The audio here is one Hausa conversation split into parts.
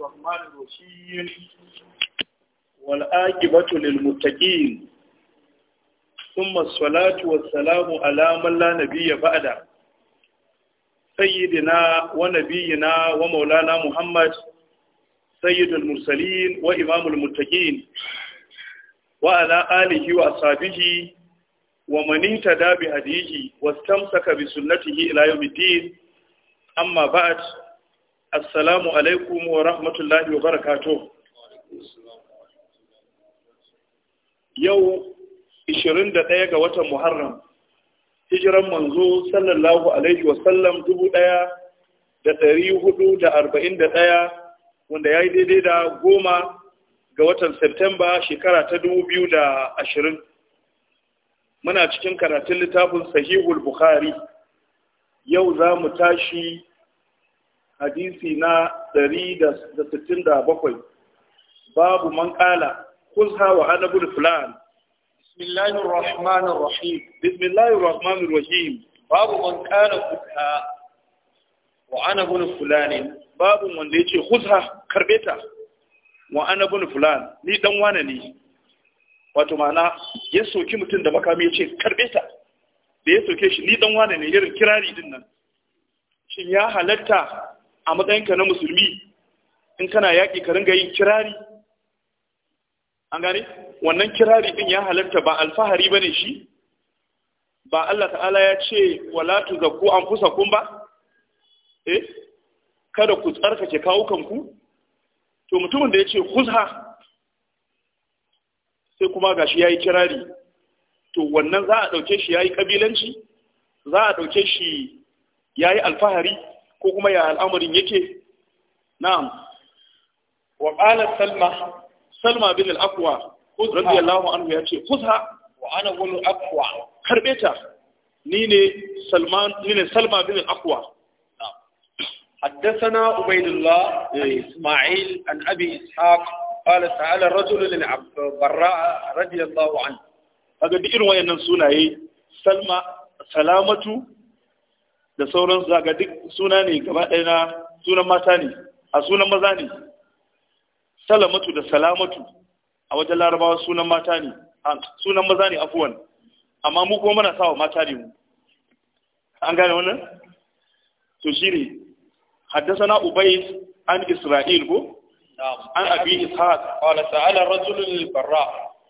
الرحمن الرحيم والآجبة للمتقين ثم الصلاة والسلام على من لا نبي بعد سيدنا ونبينا ومولانا محمد سيد المرسلين وإمام المتقين وعلى آله وأصحابه ومن اهتدى بهديه واستمسك بسنته إلى يوم الدين أما بعد assalamu alaikum wa rahmatullahi wa barakato yau 21 ga watan muharram hijiran manzo sallallahu alaihi da ɗaya wanda ya yi daidai da goma ga watan septemba shekara ta da ashirin, muna cikin karatun littafin sahihul bukhari yau za mu tashi hadisi na 167 babu man kala kuzha wa ana bin fulan bismillahir rahmanir rahim bismillahir rahmanir rahim babu man kala kuzha wa ana fulan babu wanda yace kuzha karbe ta wa ana bin fulan ni dan wane ne wato mana ya soki mutum da makami ya ce karbe ta da ya soke shi ni dan wane ne irin kirari din nan shin ya halatta a matsayinka na musulmi in kana yaƙi ka ringa yin kirari an gane wannan kirari din ya halarta ba alfahari ba shi ba Allah ta'ala ya ce wala kusa anfusakum ba eh kada ku tsarkake kawukanku to mutumin da ya ce kuzha sai kuma gashi ya yi kirari to wannan za a ɗauke shi ya yi ƙabilanci za a ɗauke shi ya yi alfahari ko kuma ya al'amarin yake na'am wa qala salma salma bin al-aqwa radiyallahu anhu yace khudha wa ana wal aqwa karbe ta ni ne salman ni ne salma bin al-aqwa حدثنا عبيد الله اسماعيل عن ابي اسحاق قال تعالى رجل للبراء رضي الله عنه kaga duk irin wayannan sunaye salma salamatu da sauransu za ga duk suna ne gaba ɗaya na sunan mata ne a sunan maza ne salamatu da salamatu a wajen larabawa sunan mata ne A sunan maza ne afuwan amma mu kuma muna sawa mata ne mu an gane wannan to shi ne haddasa na ubai an isra'il ko an abi ishaq wala sa'ala rajulun barra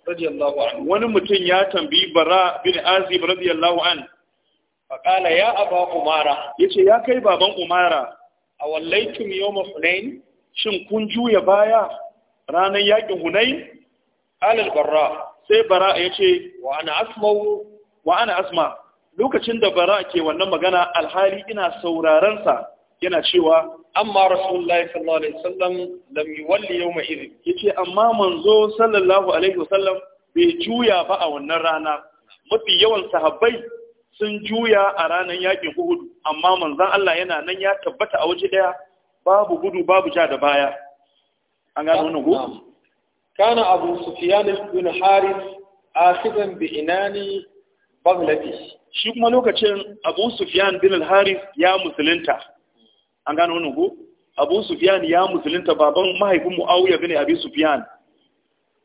radiyallahu anhu wani mutum ya tambayi bara bin azib radiyallahu anhu faƙala ya aba umara ya ce ya kai baban umara a wallaitum yawma hunain shin kun juya baya ranar yakin hunain alal barra sai bara ya ce wa ana asma lokacin da bara ke wannan magana alhali ina sauraron yana cewa amma rasulullahi sallallahu alaihi wasallam yau mai yawma Ya ce: amma manzo sallallahu alaihi wasallam bai juya ba a wannan rana mafi yawan sahabbai sun juya a ranar yakin Uhud amma manzon Allah yana nan ya tabbata a waje daya babu gudu babu ja da baya an gano wannan ko kana Abu Sufyan bin Harith akhidan bi inani Bangladesh shi kuma lokacin Abu Sufyan bin Harith ya musulunta an gano wannan ko Abu Sufyan ya musulunta baban mahaifin Muawiya bin Abi Sufyan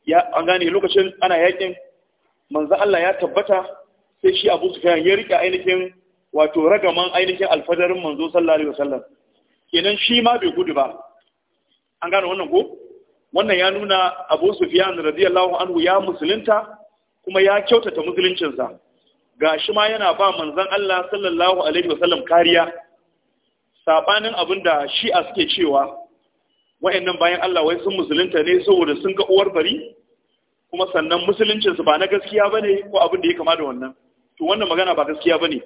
ya an gane lokacin ana yakin manzo Allah ya tabbata sai shi abu su ya rike ainihin wato ragaman ainihin alfadarin manzo sallallahu alaihi wasallam kenan shi ma bai gudu ba an gane wannan ko wannan ya nuna abu na radiyallahu anhu ya musulunta kuma ya kyautata musuluncinsa ga shi ma yana ba manzan Allah sallallahu alaihi wasallam kariya sabanin abin da shi'a suke cewa wayannan bayan Allah wai sun musulunta ne saboda sun ga uwar bari kuma sannan musuluncinsu ba na gaskiya ba ne ko abin da ya kama da wannan to wannan magana ba gaskiya bane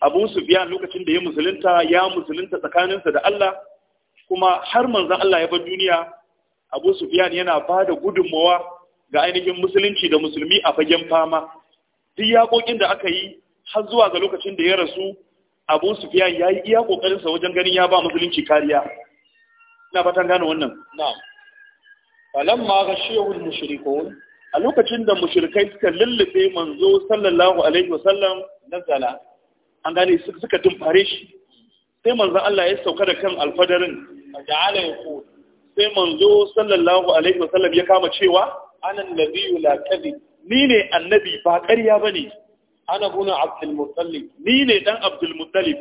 Abu Sufyan lokacin da ya musulunta ya musulunta tsakaninsa da Allah kuma har manzon Allah ya bar duniya Abu Sufyan yana ba da gudunmawa ga ainihin musulunci da musulmi a fagen fama duk yakokin da aka yi har zuwa ga lokacin da ya rasu Abu Sufyan ya yi iya ƙoƙarinsa wajen ganin ya ba musulunci kariya ina fatan gane wannan na'am falamma ghashiyul mushrikun a lokacin da mushrikai suka lullube manzo sallallahu alaihi wasallam nazala an gane suka dumfare shi sai manzo Allah ya sauka da kan alfadarin ja'ala yaqul sai manzo sallallahu alaihi wasallam ya kama cewa ana nabiyyu la kadhib ni ne annabi ba ƙarya bane ana guna abdul muttalib ni ne dan abdul muttalib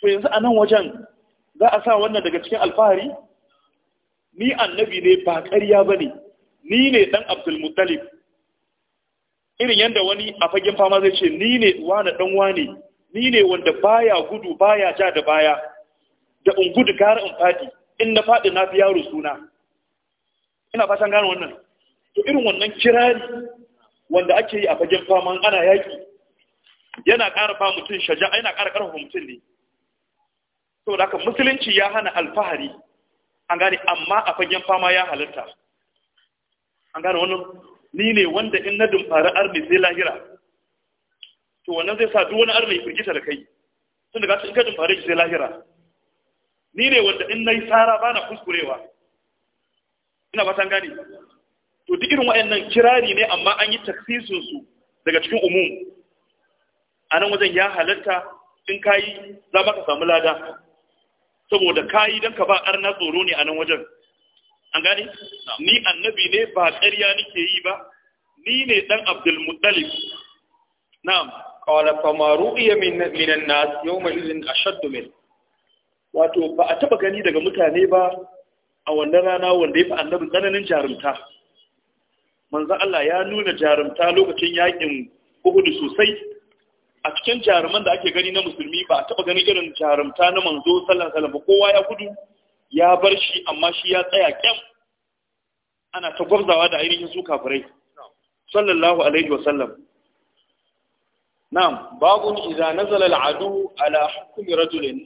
to yanzu a nan wajen za a sa wannan daga cikin alfahari ni annabi ne ba ƙarya bane ni ne dan abdulmuttalib irin yadda wani a fagen fama zai ce ni ne wani dan wani ni ne wanda baya gudu baya ja da baya da in gudu gara in fadi in na fadi na fi yaro suna ina fatan gane wannan to irin wannan kirari wanda ake yi a fagen fama ana yaki yana ƙara ba mutum shaja'a yana ƙara ƙarfafa mutum ne da haka musulunci ya hana alfahari an gane amma a fagen fama ya halitta. an gane wannan ni ne wanda in na dumfari arni sai lahira to wannan zai sa duk wani arni firgita da kai tun da in ka dumfari sai lahira ni ne wanda in na yi tsara ba na kuskurewa ina ba san gane to duk irin wayannan kirari ne amma an yi taksisinsu daga cikin umum a nan wajen ya halatta in yi za ka samu lada saboda yi don ka ba arna tsoro ne a nan wajen an gane ni annabi ne ba ƙarya nake yi ba ni ne dan abdul muttalib na'am qala fa ma ru'iya min min an-nas yawma idhin ashadd min wato ba a taba gani daga mutane ba a wannan rana wanda ya fi annabi tsananin jarumta manzo Allah ya nuna jarumta lokacin yakin Uhud sosai a cikin jaruman da ake gani na musulmi ba a taba gani irin jarumta na manzo sallallahu alaihi wasallam kowa ya gudu ya bar shi amma shi ya tsaya kyan ana ta gwabzawa da ainihin su kafirai sallallahu alaihi wa sallam na'am babun na nazala al'adu ala hukumi rajulin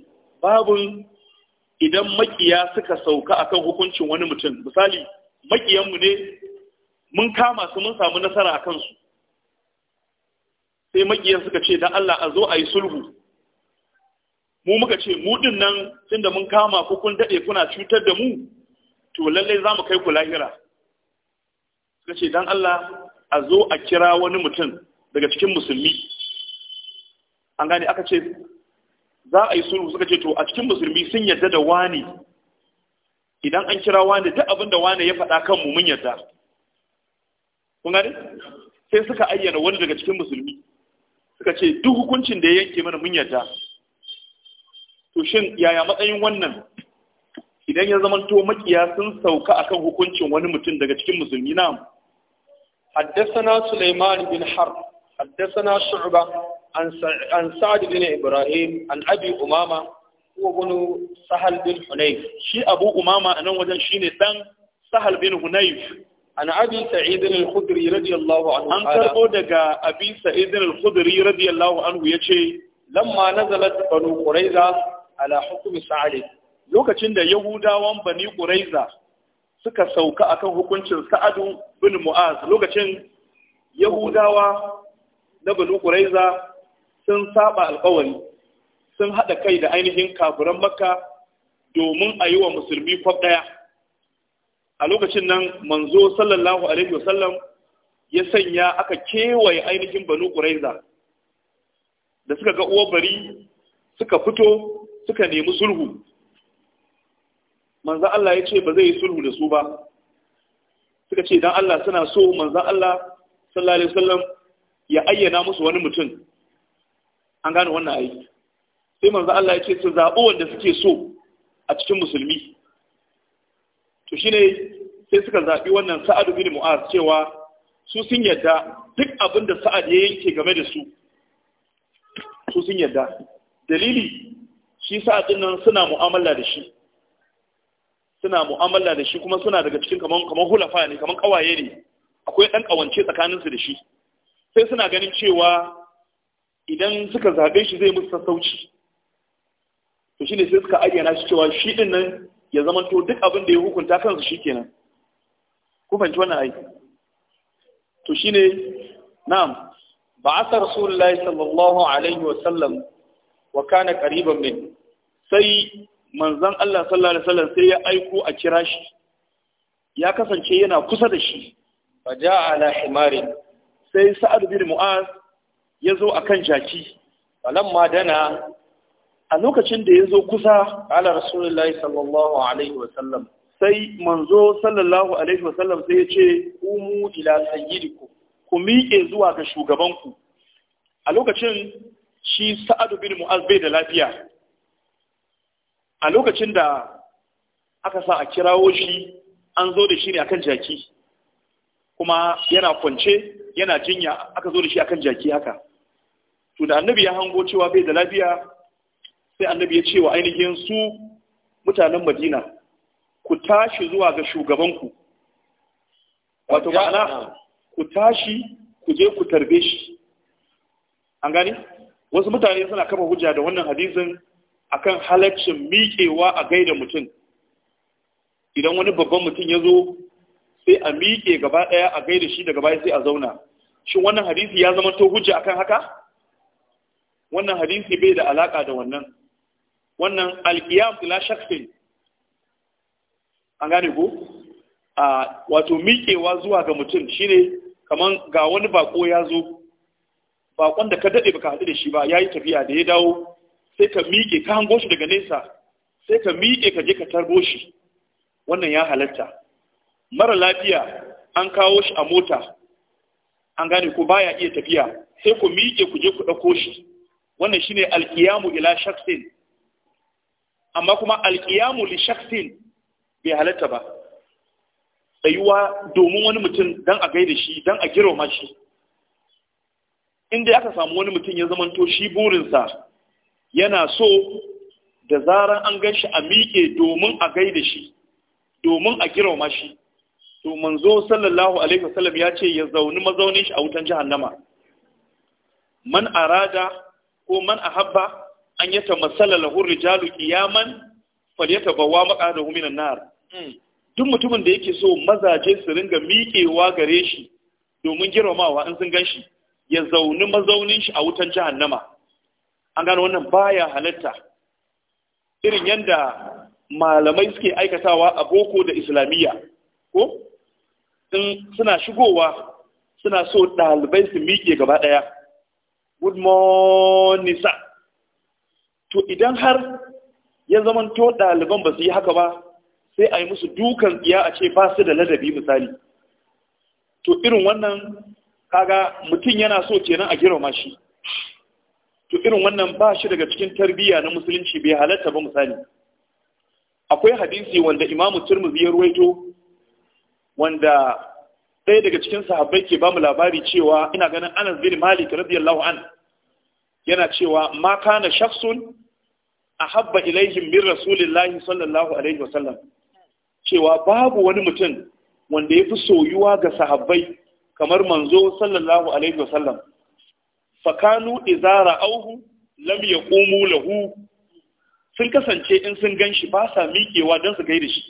babun idan makiya suka sauka akan hukuncin wani mutum misali makiyanmu ne mun kama su mun samu nasara akan su sai makiyan suka ce dan Allah a zo a yi sulhu mu muka ce mu din nan tunda mun kama ku kun dade kuna cutar da mu to lalle za mu kai ku lahira suka ce dan Allah a zo a kira wani mutum daga cikin musulmi an gane aka ce za a yi sulhu suka ce to a cikin musulmi sun yadda da wani idan an kira wani duk abin da wani ya faɗa kan mu mun yadda kun gane sai suka ayyana wani daga cikin musulmi suka ce duk hukuncin da ya yanke mana mun yadda shin yaya matsayin wannan idan ya zama to sun sauka a kan hukuncin wani mutum daga cikin musulmi na haddasana Sulaiman bin Har haddasana Shu'ba an Sa'd bin Ibrahim an Abi Umama wa bunu Sahal bin Hunayf shi Abu Umama anan wajen shine dan Sahal bin Hunayf an Abi Sa'id al-Khudri radiyallahu anhu an karbo daga Abi Sa'id al-Khudri radiyallahu anhu yace lamma nazalat banu Quraiza ala hukumi sa'ali lokacin da yahudawan bani quraiza suka sauka akan hukuncin sa'adu bin mu'az lokacin yahudawa na bani quraiza sun saba alƙawari sun haɗa kai da ainihin kafiran makka domin a yi wa musulmi kwab daya a lokacin nan manzo sallallahu alaihi wasallam ya sanya aka kewaye ainihin Bani quraiza da suka ga uwar bari suka fito suka nemi sulhu manzan Allah ya ce ba zai yi sulhu da su ba suka ce dan Allah suna so manzan Allah sallallahu alaihi wasallam ya ayyana musu wani mutum an gane wannan ayi sai manzan Allah ya ce su zabo wanda suke so a cikin musulmi to shine sai suka zabi wannan Sa'ad bin Mu'az cewa su sun yadda duk abin Sa'ad ya yanke game da su su sun yadda dalili shi sa dinnan suna mu'amala da shi suna mu'amala da shi kuma suna daga cikin kaman kaman hulafa ne kaman kawaye ne akwai dan kawance tsakanin su da shi sai suna ganin cewa idan suka zabe shi zai musu sassauci to shine sai suka ayyana shi cewa shi dinnan ya zama to duk abin da ya hukunta kansu shikenan ku fahimci wannan ai to shine na'am ba'atha rasulullahi sallallahu alaihi wa sallam wa kana qariban min sai manzon Allah sallallahu alaihi wasallam sai ya aiko a kira shi ya kasance yana kusa da shi fa ja'a ala himarin sai sa'ad bin mu'az ya zo akan jaki ma dana a lokacin da ya zo kusa ala rasulullahi sallallahu alaihi wasallam sai manzo sallallahu alaihi wasallam sai ya ce umu ila sayyidiku ku miƙe zuwa ga shugabanku a lokacin shi Sa'ad bin mu'az bai da lafiya a lokacin da aka sa a kirawo shi an zo da shi ne akan jaki kuma yana kwance yana jinya aka zo da shi akan jaki haka to da annabi ya hango cewa bai da lafiya sai annabi ya ce wa ainihin su mutanen madina ku tashi zuwa ga shugabanku wato ma'ana ku tashi ku je ku tarbe shi an gani wasu mutane suna kafa hujja da wannan hadisin akan halaccin miƙewa a gaida mutum idan wani babban mutum ya zo sai a miƙe gaba ɗaya a gaida shi daga baya sai a zauna shin wannan hadisi ya zama to hujja akan haka wannan hadisi bai da alaƙa da wannan wannan alqiyam ila shakfin an gane ko a wato miƙewa zuwa ga mutum shine kaman ga wani bako ya zo bakon da ka daɗe baka haɗu da shi ba ya yi tafiya da ya dawo sai ka miƙe ka hango shi daga nesa sai ka miƙe ka je ka tarbo shi wannan ya halatta mara lafiya an kawo shi a mota an gane ko baya iya tafiya sai ku miƙe ku je ku ɗauko shi wannan shine alƙiyamu ila shaksin amma kuma alƙiyamu li shaksin bai halatta ba tsayuwa domin wani mutum don a gaida shi don a girma shi inda aka samu wani mutum ya zamanto shi burinsa yana so da zaran an gan shi a miƙe domin a gaida shi domin a girma shi to manzo sallallahu alaihi wasallam ya ce ya zauni mazaunin shi a wutan jahannama man arada ko man ahabba an yata masala lahu rijalu qiyaman Bawwa maqadahu minan nar duk mutumin da yake so mazaje su ringa miƙewa gare shi domin girmamawa in sun ganshi ya zauni mazaunin shi a wutan jahannama an gano wannan baya halatta irin yadda malamai suke aikatawa a boko da islamiyya ko in suna shigowa suna so ɗalibai su miƙe gaba ɗaya good morning sir to idan har ya zama to ɗaliban ba su yi haka ba sai a yi musu dukan tsiya a ce ba su da ladabi misali to irin wannan kaga mutum yana so kenan a girma shi to irin wannan ba shi daga cikin tarbiyya na musulunci bai halatta ba misali akwai hadisi wanda imamu turmuzi ya ruwaito wanda ɗaya daga cikin sahabbai ke ba mu labari cewa ina ganin anas bin malik radiyallahu an yana cewa ma kana shakhsun ahabba ilaihim min rasulillahi sallallahu alaihi wasallam cewa babu wani mutum wanda ya fi soyuwa ga sahabbai kamar manzo sallallahu alaihi wasallam fakanu izara auhu lam yaqumu lahu sun kasance in sun gan shi ba sa miƙewa don su gaida shi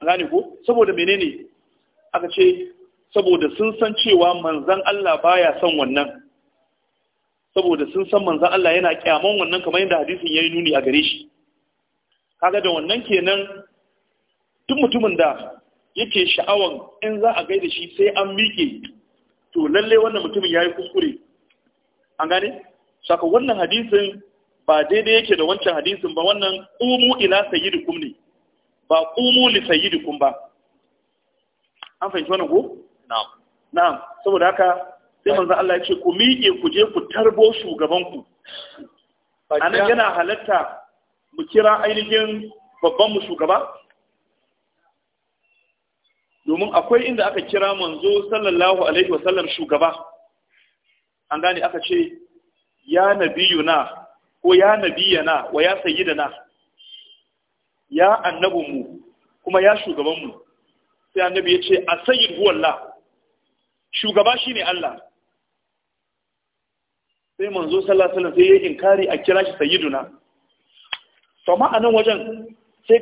gane ko saboda menene aka ce saboda sun san cewa manzan Allah baya son wannan saboda sun san manzan Allah yana kyaman wannan kamar yadda hadisin ya yi nuni a gare shi kaga da wannan kenan duk mutumin da yake sha'awan in za a gaida shi sai an miƙe to lalle wannan mutumin ya yi kuskure an gane saka wannan hadisin ba daidai yake da wancan hadisin ba wannan ƙumu ila sayyidikum ne ba ƙumu li sayyidikum ba an fahimci wannan ko na'am na'am saboda haka sai manzo Allah ya ce ku miƙe ku je ku tarbo shugabanku anan yana halatta mu kira ainihin babban mu shugaba domin akwai inda aka kira manzo sallallahu alaihi wasallam shugaba an gane aka ce ya nabiyuna ko ya nabiyana wa ya sayyidana ya annabinmu kuma ya shugabanmu sai annabi ya ce a sayyid huwallah shugaba shine Allah sai manzo sallallahu alaihi wasallam sai ya inkari a kira shi sayyiduna to ma'anan wajen sai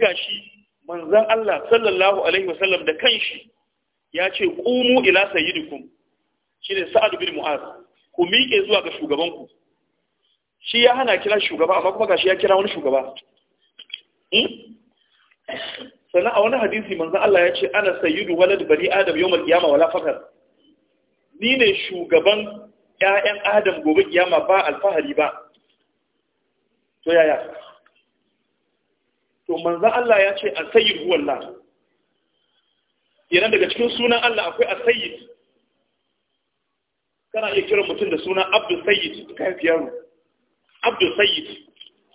manzan Allah sallallahu alaihi wasallam da kanshi ya ce qumu ila sayyidikum shine sa'ad bin mu'az ku miƙe zuwa ga shugabanku shi ya hana kira shugaba amma kuma gashi ya kira wani shugaba hmm? sannan a wani hadisi manzan Allah ya ce ana sayyidu walad bani adam yawmal qiyama wala fakar ni ne shugaban ƴaƴan adam gobe kiyama ba alfahari ba to yaya to manzan Allah ya ce a sayyid huwallah yana daga cikin sunan Allah akwai a sayyid kana iya kiran mutum da sunan abdul sayyid ka haifi yaro abdul sayyid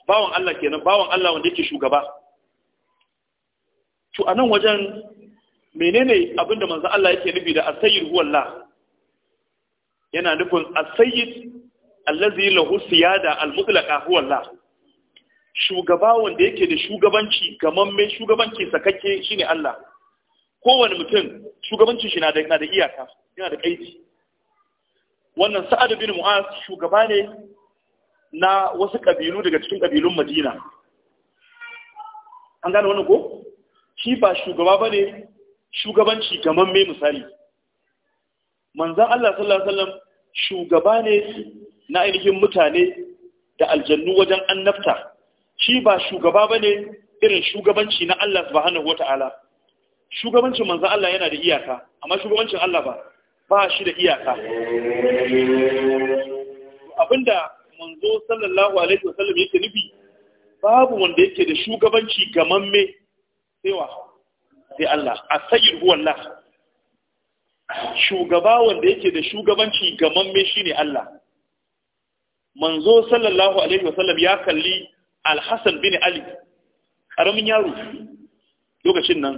bawan Allah kenan bawan Allah wanda yake shugaba to a nan wajen menene abinda manzan Allah yake nufi da a sayyid huwallah yana nufin a sayyid allazi lahu siyada al-mutlaqa huwallah shugaba wanda yake da shugabanci mai shugabanci sakakke shine Allah kowane mutum shugabancin shi na da iyaka yana da kaidi wannan sa'ad bin mu'az shugaba ne na wasu kabilu daga cikin kabilun madina an gane wannan ko shi ba shugaba bane shugabanci mai misali manzon Allah sallallahu alaihi wasallam shugaba ne na ainihin mutane da aljannu wajen annabta shi ba shugaba ba ne irin shugabanci na Allah ba wata wata'ala shugabancin manzan Allah yana da iyaka amma shugabancin Allah ba ba shi da iyaka abinda manzo sallallahu alaihi wasallam yake nufi babu wanda yake da shugabanci gamamme sai wa sai Allah asayir huwa Allah shugaba wanda yake da shugabanci gamamme shine Allah manzo sallallahu alaihi wasallam ya kalli alhassan bin ali karamin yaro lokacin nan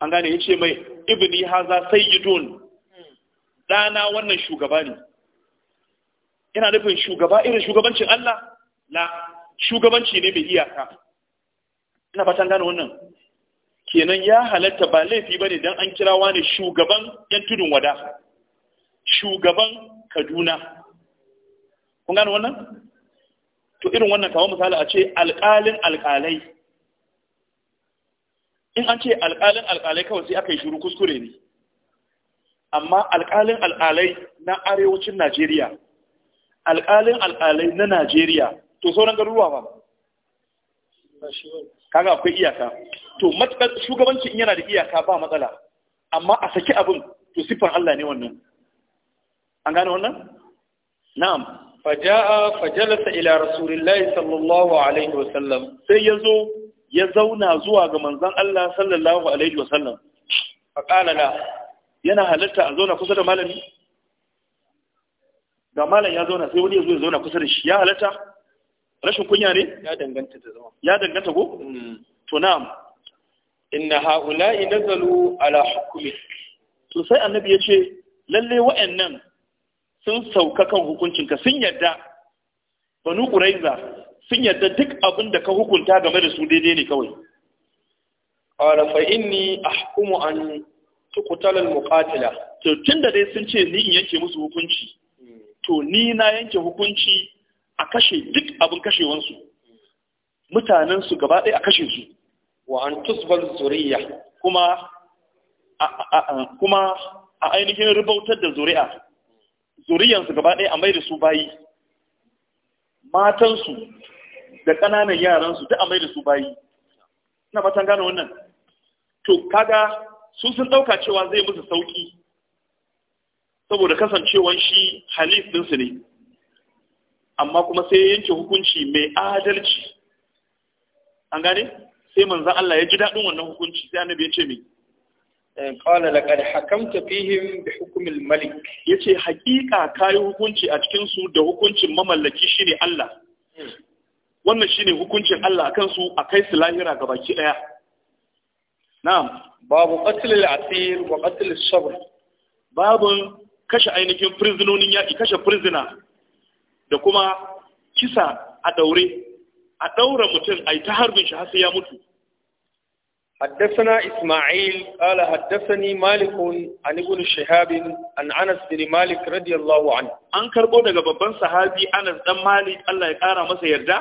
an gane ya ce mai Ibni haza sai yi don ɗana wannan shugaba ne Ina nufin shugaba irin shugabancin Allah la shugabanci ne mai iyaka ina fatan gane wannan kenan ya halatta ba laifi ba ne don an kirawa wani shugaban yan tudun wada shugaban kaduna kun gane wannan to irin wannan kawo misali a ce alƙalin alƙalai in an ce alƙalin alƙalai kawai sai aka yi shiru kuskure ne amma alƙalin alƙalai na arewacin najeriya alƙalin alƙalai na najeriya to sauran garuruwa ba kaga akwai iyaka to shugabanci in yana da iyaka ba matsala amma a saki abin to siffar allah ne wannan an gane wannan na'am faja'a fajalasa ila rasulillahi sallallahu alaihi wasallam sai ya zo ya zauna zuwa ga manzan Allah sallallahu alaihi wasallam faqala la yana halitta a zauna kusa da malami ga malam ya zauna sai wani ya zo ya zauna kusa da shi ya halitta? rashin kunya ne ya danganta da zama ya danganta ko to na'am inna haula'i nazalu ala hukmi to sai annabi ya ce lalle wa'annan sun sauka kan hukuncinka sun yadda banu ƙuraiza sun yadda duk abin da ka hukunta game da su daidai ne kawai ƙwara fa inni hukumu an tukutalar muƙatila to da dai sun ce ni in yanke musu hukunci to ni na yanke hukunci a kashe duk abin kashewansu mutanen su gaba ɗaya a kashe su wa an tusbal zuriya kuma kuma a ainihin rubautar da zuri'a zuriyansu gaba ɗaya a mai da su bayi matansu da ƙananan yaransu ta a mai da su bayi na fatan gane wannan to kaga su sun ɗauka cewa zai musu sauƙi saboda kasancewan shi halif ɗinsu ne amma kuma sai yanke hukunci mai adalci an gane sai manzan Allah ya ji daɗin wannan hukunci sai annabi ya ce mai Eh, qala laqad hakamta fihim da hukm al Ya ce haƙiƙa kai hukunci a cikinsu da hukuncin mamallaki shine Allah wannan shine hukuncin Allah akan su akai su lahira baki daya na'am babu qatl al asir wa qatl al babun kashe ainihin prisonin yaki kashe prisoner da kuma kisa a daure a daura mutum ai ta harbin shi har sai ya mutu حدثنا إسماعيل قال حدثني مالك عن ابن شهاب عن أنس بن مالك رضي الله عنه أن كربو babban sahabi Anas dan Malik Allah ya kara masa yarda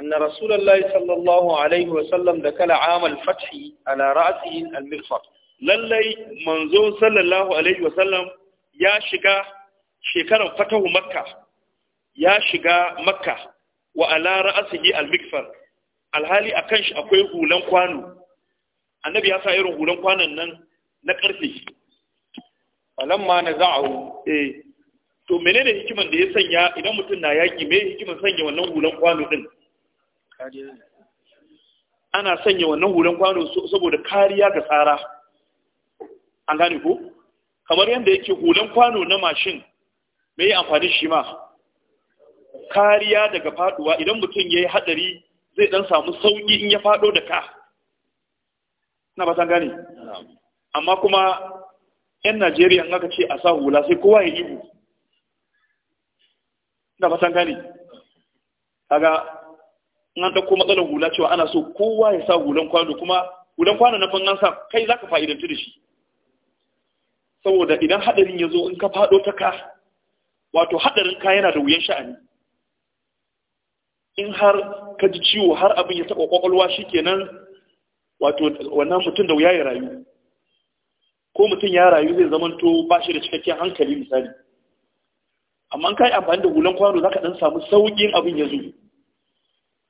أن رسول الله صلى الله عليه وسلم دخل عام الفتح على رأسه المغفر lallai manzo sallallahu alaihi wasallam ya shiga shekarar fatahu makka ya shiga makka wa ala ra'asihi al alhali akan shi akwai hulan kwano annabi ya sa irin hulan kwanan nan na ƙarfe ma na za'ahu eh to menene hikiman da ya sanya idan mutum na yaƙi me hikiman sanya wannan hulan kwano din ana sanya wannan hulan kwano saboda kariya ga tsara an gane ko kamar yadda yake hulan kwano na mashin me yi amfani shi ma kariya daga faduwa idan mutum ya yi haɗari, zai dan samu sauki in ya faɗo da ka na ba gane amma kuma yan najeriya aka ce a sa hula sai kowa ya ihu na ba gane kaga in an ɗauko matsalar hula cewa ana so kowa ya sa hulan kwano kuma hulan kwano na fangan sa kai za ka fa'idanci da shi saboda idan haɗarin ya zo in ka fado ta ka wato haɗarin ka yana da wuyan sha'ani in har ka ji ciwo har abin ya taɓa ƙwaƙwalwa shi kenan wato wannan mutum da wuya ya rayu ko mutum ya rayu zai zamanto ba shi da cikakken hankali misali amma an kai amfani da hulan kwano zaka ka ɗan samu saukin abin ya zo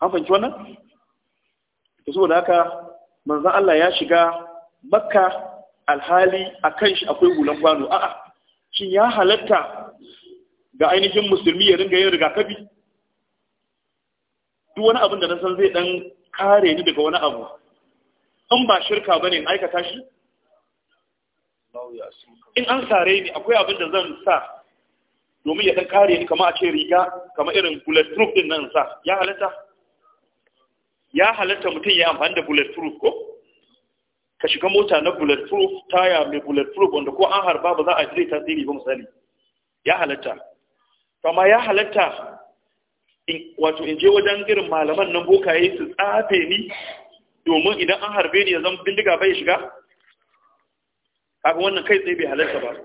an fanci wannan to saboda haka manzon Allah ya shiga makka alhali a kan shi akwai hulan kwano a'a shin ya halatta ga ainihin musulmi ya ringa yin rigakafi duk wani abin da na san zai ɗan kare ni daga wani abu in ba shirka ba ne in aikata shi in an sare ni akwai abin da zan sa domin ya ɗan kare ni kama a ce riga kama irin bulletproof din nan sa ya halatta ya halatta mutum ya amfani da bulletproof ko ka shiga mota na bulletproof taya mai bulletproof wanda ko an harba ba za a zai tasiri ba misali ya halatta amma ya halatta wato in je wajen irin malaman nan bokaye su tsafe ni domin idan an harbe ni ya zama bindiga bai shiga haka wannan kai tsaye bai halarta ba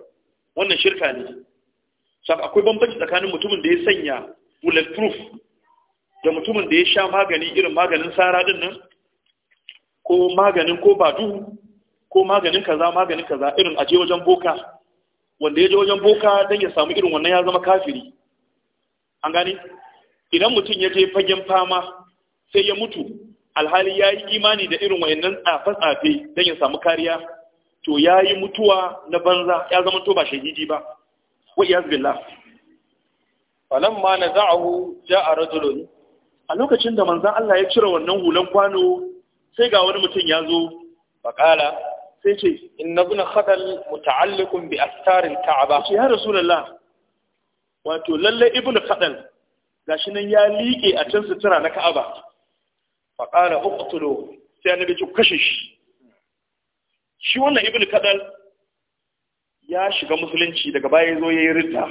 wannan shirka ne saka akwai bambanci tsakanin mutumin da ya sanya bulletproof da mutumin da ya sha magani irin maganin sara din nan ko maganin ko badu ko maganin kaza maganin kaza irin aje wajen boka wanda ya je wajen boka don ya samu irin wannan ya zama kafiri an gane idan mutum ya je fagen fama sai ya mutu alhali ya yi imani da irin wayannan tsafe-tsafe don ya samu kariya to ya yi mutuwa na banza ya zama to ba shahidi ba wa iyaz billah falon ma na za'ahu a rajulun a lokacin da manzan Allah ya cire wannan hulan kwano sai ga wani mutum ya zo bakala sai ce in na guna khadal muta'alliqun bi astaril ka'aba ya rasulullah wato lallai, ibn khadal gashi nan ya liƙe a can sutura na ka'aba faƙala uqtulu sai annabi ce kashe shi shi wannan ibn kadal ya shiga musulunci daga baya yazo yayi ridda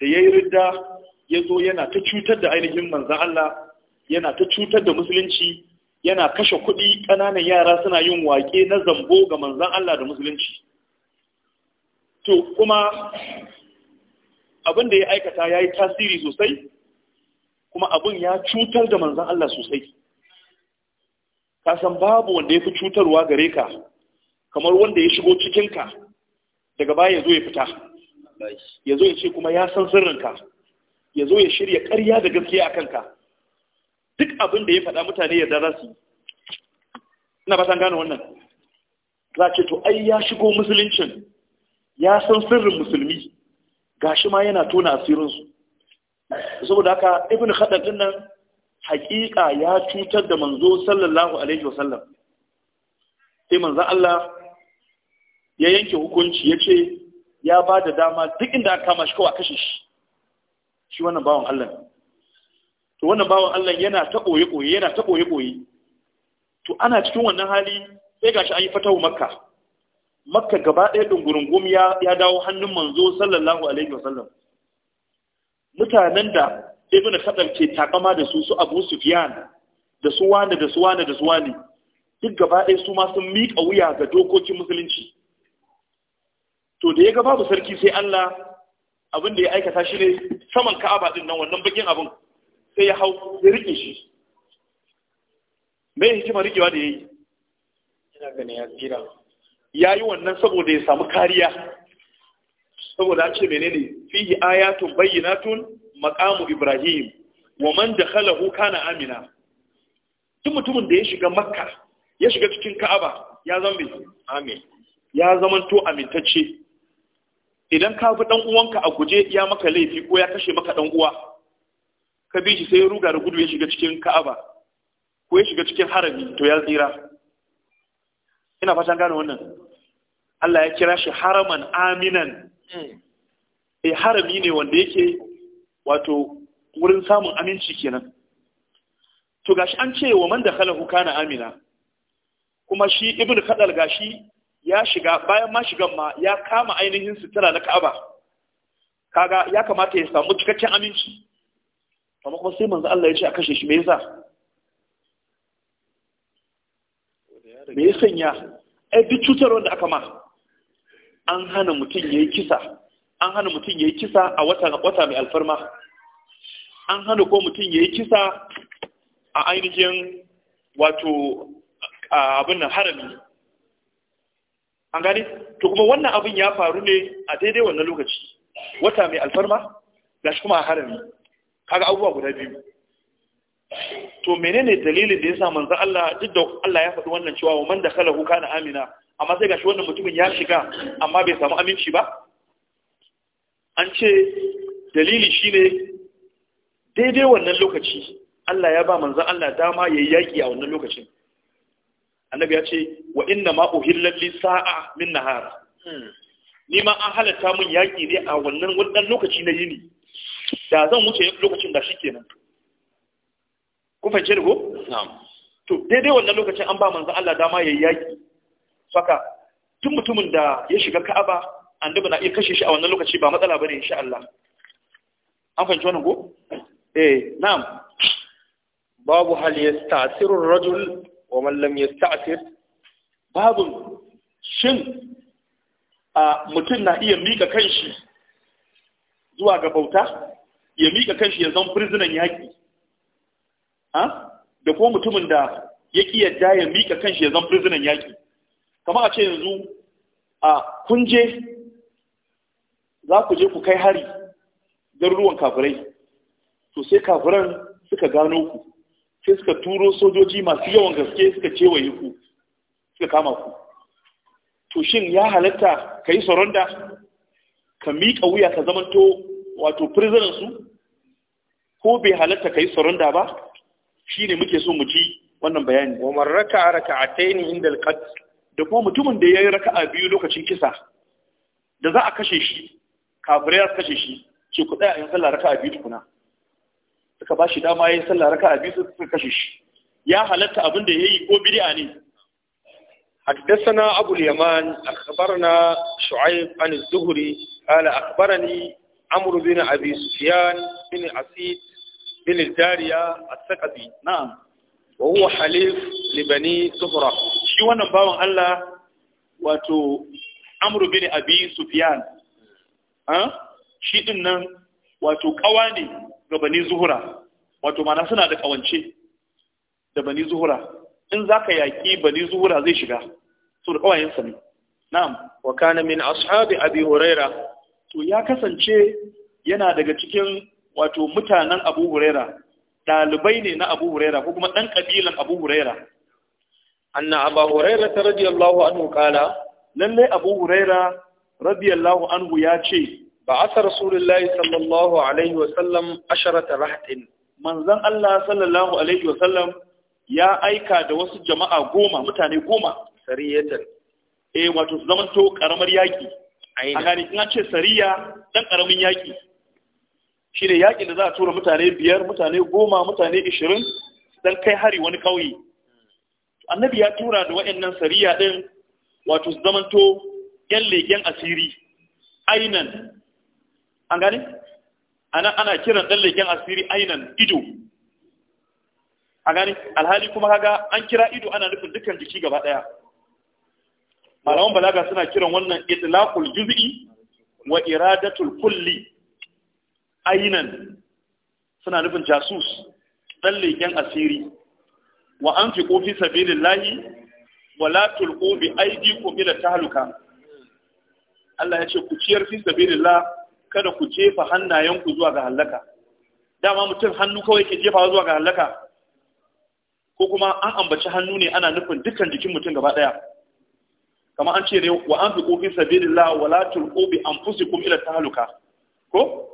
da yayi ridda yazo yana ta cutar da ainihin manzon Allah yana ta cutar da musulunci yana kashe kuɗi ƙananan yara suna yin waƙe na zambo ga manzan Allah da musulunci to kuma abin da ya aikata ya yi tasiri sosai kuma abin ya cutar da manzon Allah sosai kasan babu wanda ya fi cutarwa gare ka kamar wanda ya shigo cikinka daga baya ya zo ya fita ya zo ya ce kuma ya san sirrinka ya zo ya shirya ƙarya da gaskiya a kanka duk abin da ya faɗa mutane ya za su ina ba san gane wannan za ce to ai ya shigo musuluncin ya san sirrin musulmi gashi ma yana tona asirinsu saboda haka ibn haɗar nan hakika ya cutar da manzo sallallahu alaihi wasallam sai manzo Allah ya yanke hukunci ya ce ya ba da dama duk inda aka kama shi kawai kashe shi shi wannan bawan Allah to wannan bawan Allah yana ta ɓoye koye yana ta ɓoye koye to ana cikin wannan hali sai gashi an yi fatahu makka makka gaba ɗaya dungurungum ya ya dawo hannun manzo sallallahu alaihi wasallam mutanen da ibn khadam ke takama da su su abu sufyan da su wani da su wani da su wani duk gaba ɗaya su ma sun miƙa wuya ga dokokin musulunci to da ya ga babu sarki sai Allah abin da ya aikata shi ne saman ka'aba din nan wannan bakin abin sai ya hau ya rike shi mai hikimar rikewa da ya yi ina ganin ya tsira ya yi wannan saboda ya samu kariya saboda an ce menene fihi ayatun bayyinatun maqamu ibrahim wa man dakhalahu kana amina duk mutumin da ya shiga makka ya shiga cikin ka'aba ya zama amin ya zama amintacce idan ka fi dan uwanka a guje ya maka laifi ko ya kashe maka dan uwa ka bi shi sai ruga da gudu ya shiga cikin ka'aba ko ya shiga cikin harami to ya tsira ina fatan gane wannan Allah ya kira shi haraman aminan mm. eh harami ne wanda yake wato wurin samun aminci kenan to gashi an ce wa man dakhalahu kana amina kuma shi ibnu kadal gashi ya shiga bayan ma shigan ma ya kama ainihin sutura na Ka'aba kaga ya kamata ya samu cikakken aminci amma kuma sai manzo Allah ya ce a kashe shi me yasa me ya ai duk cutar wanda aka ma an hana mutum yayi kisa an hana mutum ya yi kisa a wata mai alfarma an hana ko mutum ya yi kisa a ainihin wato abin nan harami an gane to kuma wannan abin ya faru ne a daidai wannan lokaci wata mai alfarma da shi kuma a harami kaga abubuwa guda biyu to menene dalilin da ya sa manzo Allah duk da Allah ya faɗi wannan cewa wa man dakhalahu kana amina amma sai gashi wannan mutumin ya shiga amma bai samu aminci ba an ce dalili shine daidai wannan lokaci Allah ya ba manzan Allah dama ya yi yaƙi a wannan lokacin annabi ya ce wa inna ma uhillat li sa'a min nahar hmm. ni ma an halatta mun yaƙi ne a wannan wannan lokaci na yini da zan wuce lokacin da shikenan ku fahimce ni ko na'am to daidai wannan lokacin an ba manzan Allah dama ya yi yaƙi saka tun mutumin da ya shiga Ka'aba annabi na iya kashe shi a wannan lokaci ba matsala bane insha Allah an fahimci wannan ko eh na'am babu hal yasta'siru ar-rajul wa man lam yasta'sir babu shin a mutum na iya mika kanshi zuwa ga bauta ya mika kanshi ya zama prisoner yaki ha da ko mutumin da ya ki yadda ya mika kanshi ya zama prisoner yaki kamar a ce yanzu a kunje za ku je ku kai hari garuruwan kafirai to sai kafiran suka gano ku sai suka turo sojoji masu yawan gaske suka kewaye ku suka kama ku to shin ya halatta ka yi saronda ka miƙa wuya ka zamanto wato prisoner su ko bai halatta ka yi saronda ba shi ne muke so mu ji wannan bayani wa raka, a raka'ataini inda alqat da kuma mutumin da ya yi raka a biyu lokacin kisa da za a kashe shi kafirai su kashe shi ce ku tsaya in sallah raka'a biyu tukuna suka ba shi dama yayin sallah raka'a biyu suka kashe shi ya halatta abin da yayi ko bid'a ne حدثنا أبو اليمان أخبرنا شعيب عن الزهري قال أخبرني عمرو بن أبي سفيان بن عسيد بن الجارية الثقفي نعم وهو حليف لبني زهرة شي wannan bawan Allah wato Amr bin Abi shi din nan wato kawa ne ga bani zuhura wato mana suna da kawance da bani zuhura in za ka yaƙi bani zuhura zai shiga su da ƙawayensa ne na'am wa kana min ashabi abi huraira to ya kasance yana daga cikin wato mutanen abu huraira ɗalibai ne na abu huraira ko kuma ɗan ƙabilan abu huraira anna abu huraira ta radiyallahu anhu kala lallai abu huraira radiyallahu anhu ya ce ba asa rasulullahi sallallahu alaihi wasallam asharata rahatin manzan Allah sallallahu alaihi wasallam ya aika da wasu jama'a goma mutane goma sariyatar eh wato su zamanto karamar yaki a gani in ce sariya dan karamin yaki ne yaki da za a tura mutane biyar mutane goma mutane ishirin dan kai hari wani kauye annabi ya tura da wa'annan sariya din wato su zamanto yan legen asiri ainan an A ana ana kiran ɗan legen asiri ainan ido a gani? alhali kuma kaga an kira ido ana nufin dukkan jiki gaba ɗaya. malaman balaga suna kiran wannan itlaqul juz'i wa iradatul kulli ainan suna nufin jasus ɗan legen asiri wa an fi sabilillahi wa la tulqu bi aydikum ila tahluka Allah ya ce ku ciyar fi sabilillah kada ku jefa hannayenku zuwa ga halaka dama mutum hannu kawai ke jefawa zuwa ga halaka ko kuma an ambaci hannu ne ana nufin dukkan jikin mutum gaba daya kamar an ce ne wa an fi kofi sabilillah wa la tulqu bi anfusikum ila tahluka ko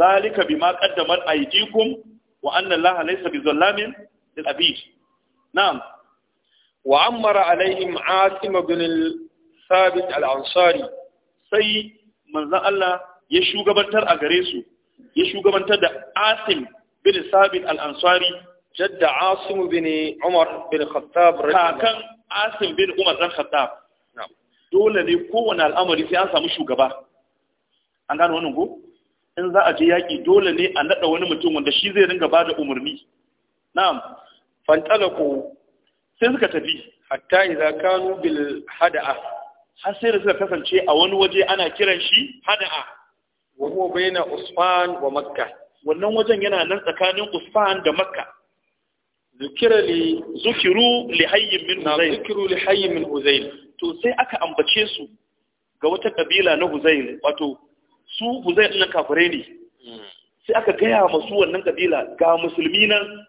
zalika bima qaddamat aydikum wa anna allaha laysa bizallamin lil abid na'am wa amara alaihim asim ibn al-thabit al-ansari sai manzan Allah ya shugabantar a gare su ya shugabantar da Asim bin Sabit al jadda Asim bin Umar bin Khattab kakan Asim bin Umar dan Khattab dole ne kowane al'amari sai an samu shugaba an gano wannan ko in za a je yaƙi dole ne a naɗa wani mutum wanda shi zai ringa ba da umarni na'am fantalaku sai suka tafi hatta idan kanu bil hada'a har sai da suka kasance a wani waje ana kiran shi hada'a wa huwa baina usfan wa makka wannan wajen yana nan tsakanin usfan da makka zukira li zukiru li hayyin min uzail zukiru li hayyin min uzail to sai aka ambace su ga wata kabila na uzail wato su uzail din kafirai ne hmm. sai aka gaya masu wannan kabila ga musulmi nan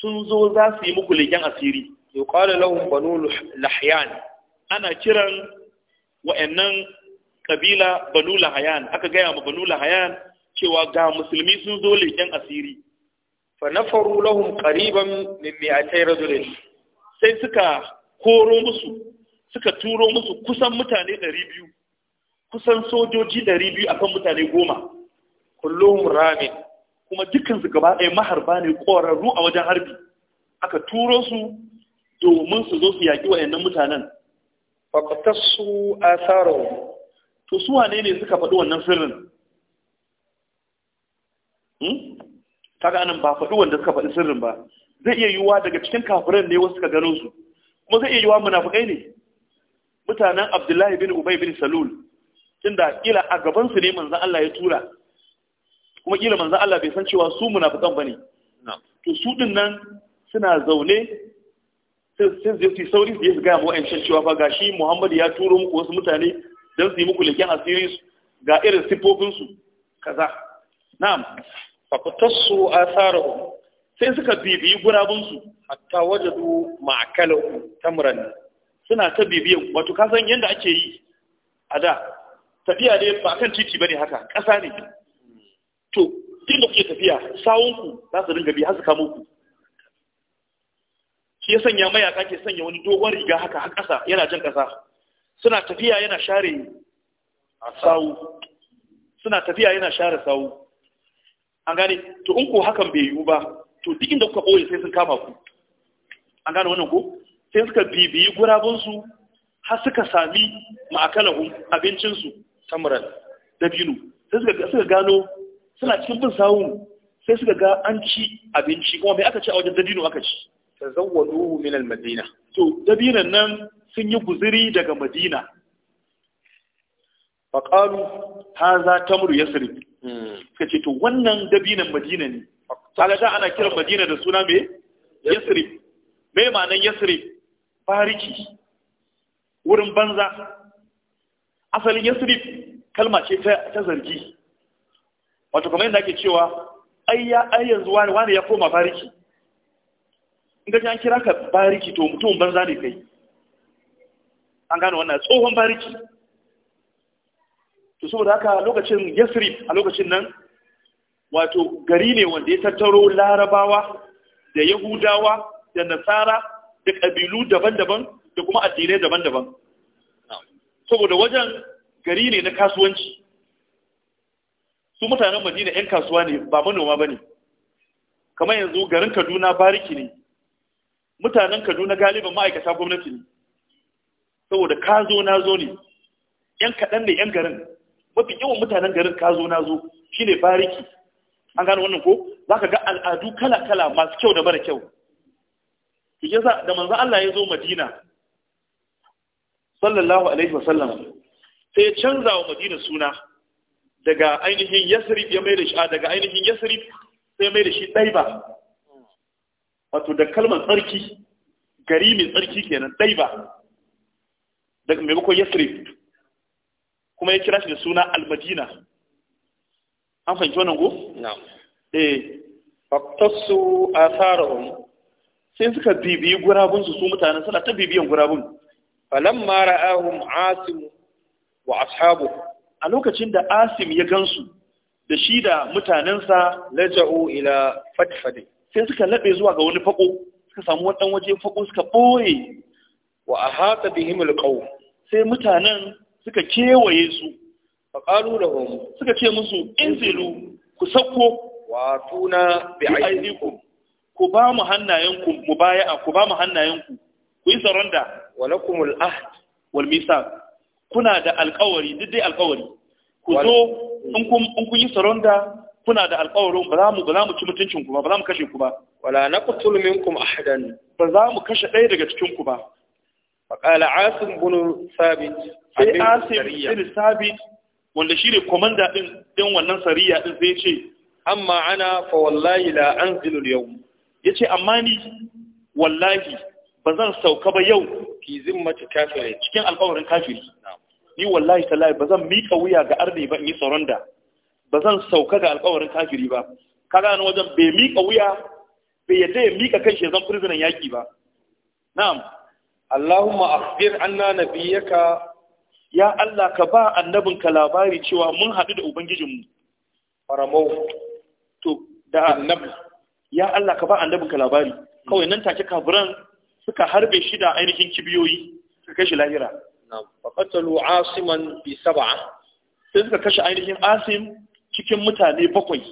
sun zo za su yi muku leken asiri yau qala lahum banu lahyan ana kiran wa'annan kabila banu lahayan aka gaya ma banu lahayan cewa ga musulmi sun zo leken asiri fa nafaru lahum qariban min mi'atay rajulin sai suka koro musu suka turo musu kusan mutane 200 kusan sojoji 200 akan mutane goma kulluhum ramin kuma dukkan su gaba ɗaya maharba ne ƙwararru a wajen harbi aka turo su domin su zo su yaƙi wa'annan mutanen faƙatassu a tsarau to su wane ne suka faɗi wannan sirrin hmm? kaga anan ba faɗi wanda suka faɗi sirrin ba zai iya yiwuwa daga cikin kafiran ne wasu suka gano su kuma zai iya yiwuwa munafukai ne mutanen abdullahi bin ubay bin salul tunda kila a gaban su ne manzo Allah ya tura kuma kila manzo Allah bai san cewa su munafukan bane to su din nan suna zaune sun zirti sauri da ya gaya mu wa'ancan cewa fa gashi muhammadu ya turo muku wasu mutane don su yi muku leken asiri ga irin siffofinsu kaza na'am fakutassu asarahum sai suka bibiyi gurabinsu hatta wajadu ma'akalahu tamran suna ta bibiyan wato ka san yadda ake yi a da tafiya ne ba kan titi bane haka ƙasa ne to inda kuke tafiya sawunku za su dinga bi har su kamo ku shi ya sanya mayaka ke sanya wani dogon riga haka har ƙasa yana jan ƙasa suna tafiya yana share sawu suna tafiya yana share sawu an gane to in ko hakan bai yiwu ba to duk inda kuka ɓoye sai sun kama ku an gane wannan ko sai suka bibiyi gurabunsu har suka sami ma'akalahun abincinsu tamuran dabino sai suka gano suna cikin bin sawun sai suka ga an ci abinci kuma mai aka ci a wajen dabino aka ci tazawwaduhu min al-madina to dabinan nan sun yi guziri daga madina qalu hadha tamru yasrib hmm. suka ce to wannan dabinan madina ne kaga da ana kiran madina da suna me yasrib me ma'ana yasrib fariki wurin banza asalin yasrib kalma ce ta zargi wato kamar yadda ake cewa ai ya ai yanzu wani wani ya koma fariki in gaji an kira ka bariki to mutum banza ne kai an gano wannan tsohon bariki to saboda haka lokacin yasrib a lokacin nan wato gari ne wanda ya tattaro larabawa da yahudawa da nasara da ƙabilu daban-daban da kuma addinai daban-daban saboda wajen gari ne na kasuwanci su mutanen madina 'yan kasuwa ne ba manoma ba ne kamar yanzu garin kaduna bariki ne mutanen kaduna galiban ma'aikata gwamnati ne saboda ka zo na zo ne yan kaɗan da yan garin mafi yawan mutanen garin ka zo na zo shine bariki an gano wannan ko za ka ga al'adu kala-kala masu kyau da mara kyau da manzan Allah ya zo madina sallallahu alaihi wasallam sai ya canza wa madina suna daga ainihin yasrib ya mai da shi daga ainihin yasrib sai mai da shi ɗaiba wato da kalmar tsarki gari mai tsarki kenan ɗai ba daga maimakon yasrib kuma ya kira shi da suna almadina an fahimci wannan na eh faktasu a tsararun sai suka bibiyi gurabunsu su mutanen suna ta bibiyan gurabun mara ahun asim wa ashabu a lokacin da asim ya gansu da shi da mutanensa laja'u ila fatfadin sai suka laɓe zuwa ga wani fako suka samu wadan waje fako suka ɓoye. wa a ahata bihim ƙau sai mutanen suka kewaye su da lahum suka ce musu inzilu ku sauko wa tuna bi aidikum ku ba mu hannayenku mu baya ku ba mu hannayenku ku yi da walakumul ahd wal kuna da alƙawari duk dai alƙawari ku zo in kun yi da kuna da alƙawarin ba za mu ba za mu ci mutuncin ku ba ba za mu kashe ku ba wala naqtul minkum ahadan ba za mu kashe ɗaya daga cikin ku ba faqala asim bin sabit sai asim bin sabit wanda shi ne komanda din din wannan sariya din zai ce amma ana fa wallahi la anzilu al-yawm yace amma ni wallahi ba zan sauka ba yau fi zimmati kafiri cikin alƙawarin kafiri ni wallahi tallahi ba zan miƙa wuya ga arne ba in yi tsaron da ba zan sauka ga alkawarin kafiri ba kaga nan wajen bai mika wuya bai yadda ya mika kan shezan zan yaƙi ba na'am Allahumma akhbir anna nabiyyaka ya Allah ka ba ka labari cewa mun haɗu da ubangijinmu faramau to da annabi ya Allah ka ba ka labari kawai nan take kafiran suka harbe shi da ainihin kibiyoyi suka kashe lahira faqatalu asiman bi sab'a sai suka kashe ainihin asim cikin mutane bakwai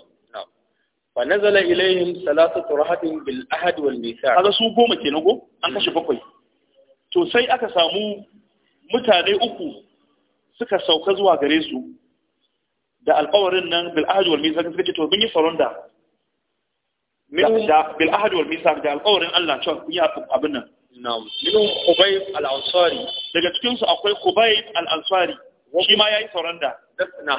fa nazala ilaihim salasatu rahadin bil ahad wal mithaq kaga su goma kenan go an kashe mm. bakwai to sai aka samu mutane uku suka sauka zuwa gare su da alƙawarin nan bil ahad wal mithaq suka ce to mun yi faranda da bil ahad wal mithaq da alƙawarin Allah cewa kun yi abin nan na'am minhum qubayb al ansari daga cikin su akwai qubayb al ansari shi ma yayi faranda na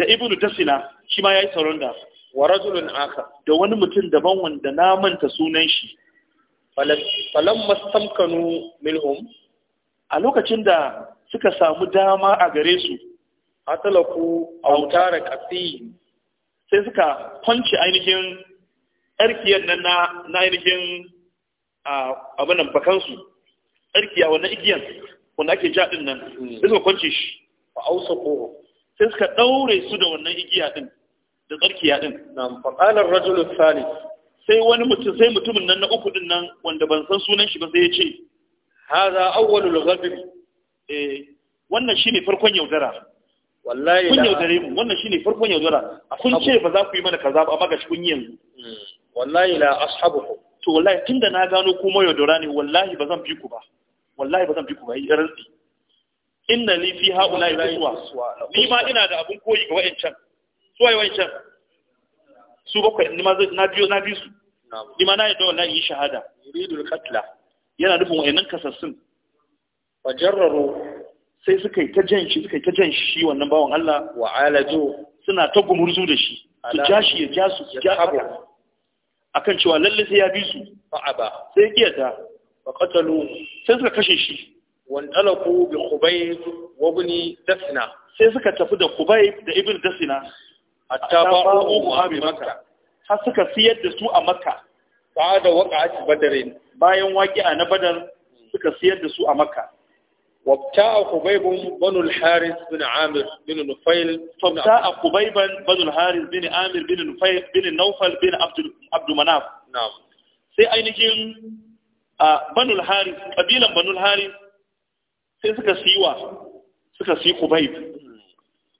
da ibnu tasila shi ma yayi saranda wa rajulun aka da wani mutum daban wanda na manta sunan shi falam mastamkanu milhum a lokacin da suka samu dama a gare su atalaku autara qasi sai suka kwanci ainihin arkiyar nan na ainihin abin nan bakansu arkiya wannan igiyan wanda ake jaɗin nan hmm. sai suka kwanci shi ba ausa ko sai suka daure su da wannan igiya din da tsarkiya din na'am fa qala ar-rajul thalith sai wani mutum sai mutumin nan na uku din nan wanda ban san sunan shi ba sai ya ce hadha awwalul ghadab eh wannan shine farkon yaudara wallahi kun yaudare mu wannan shine farkon yaudara A kun ce ba za ku yi mana kaza ba amma gashi kun yi yanzu hmm. wallahi la ashabukum to wallahi tunda na gano kuma yaudara ne wallahi ba zan bi ku ba wallahi ba zan bi ku ba yi rantsi inna ni fi haula iswa ni ma ina da abun koyi ga wayancan su waye wayancan su bakwai ni ma na biyo na biyo su ni ma na yadda wallahi yi shahada yuridul qatla yana nufin wayannan kasassun fajarraru sai suka yi ta jan shi suka yi ta jan shi wannan bawan Allah wa alaju suna ta gumurzu da shi su ja shi ya ja su ya haka akan cewa lalle sai ya bi su fa'aba sai kiyata fa qatalu sai suka kashe shi wantalaku bi khubayb wa ibn dasna sai suka tafi da kubai da ibn dasna hatta ba'u bi makka har suka siyar da su a maka. ba da waqa'at badarin. bayan a na badar suka siyar da su a maka. وابتاع a بن الحارث بن عامر بن نفيل وابتاع خبيبا بن الحارث بن عامر bin نفيل bin نوفل bin عبد عبد مناف sai ainihin banul haris kabilan banul haris sai suka wa suka siyi kubaib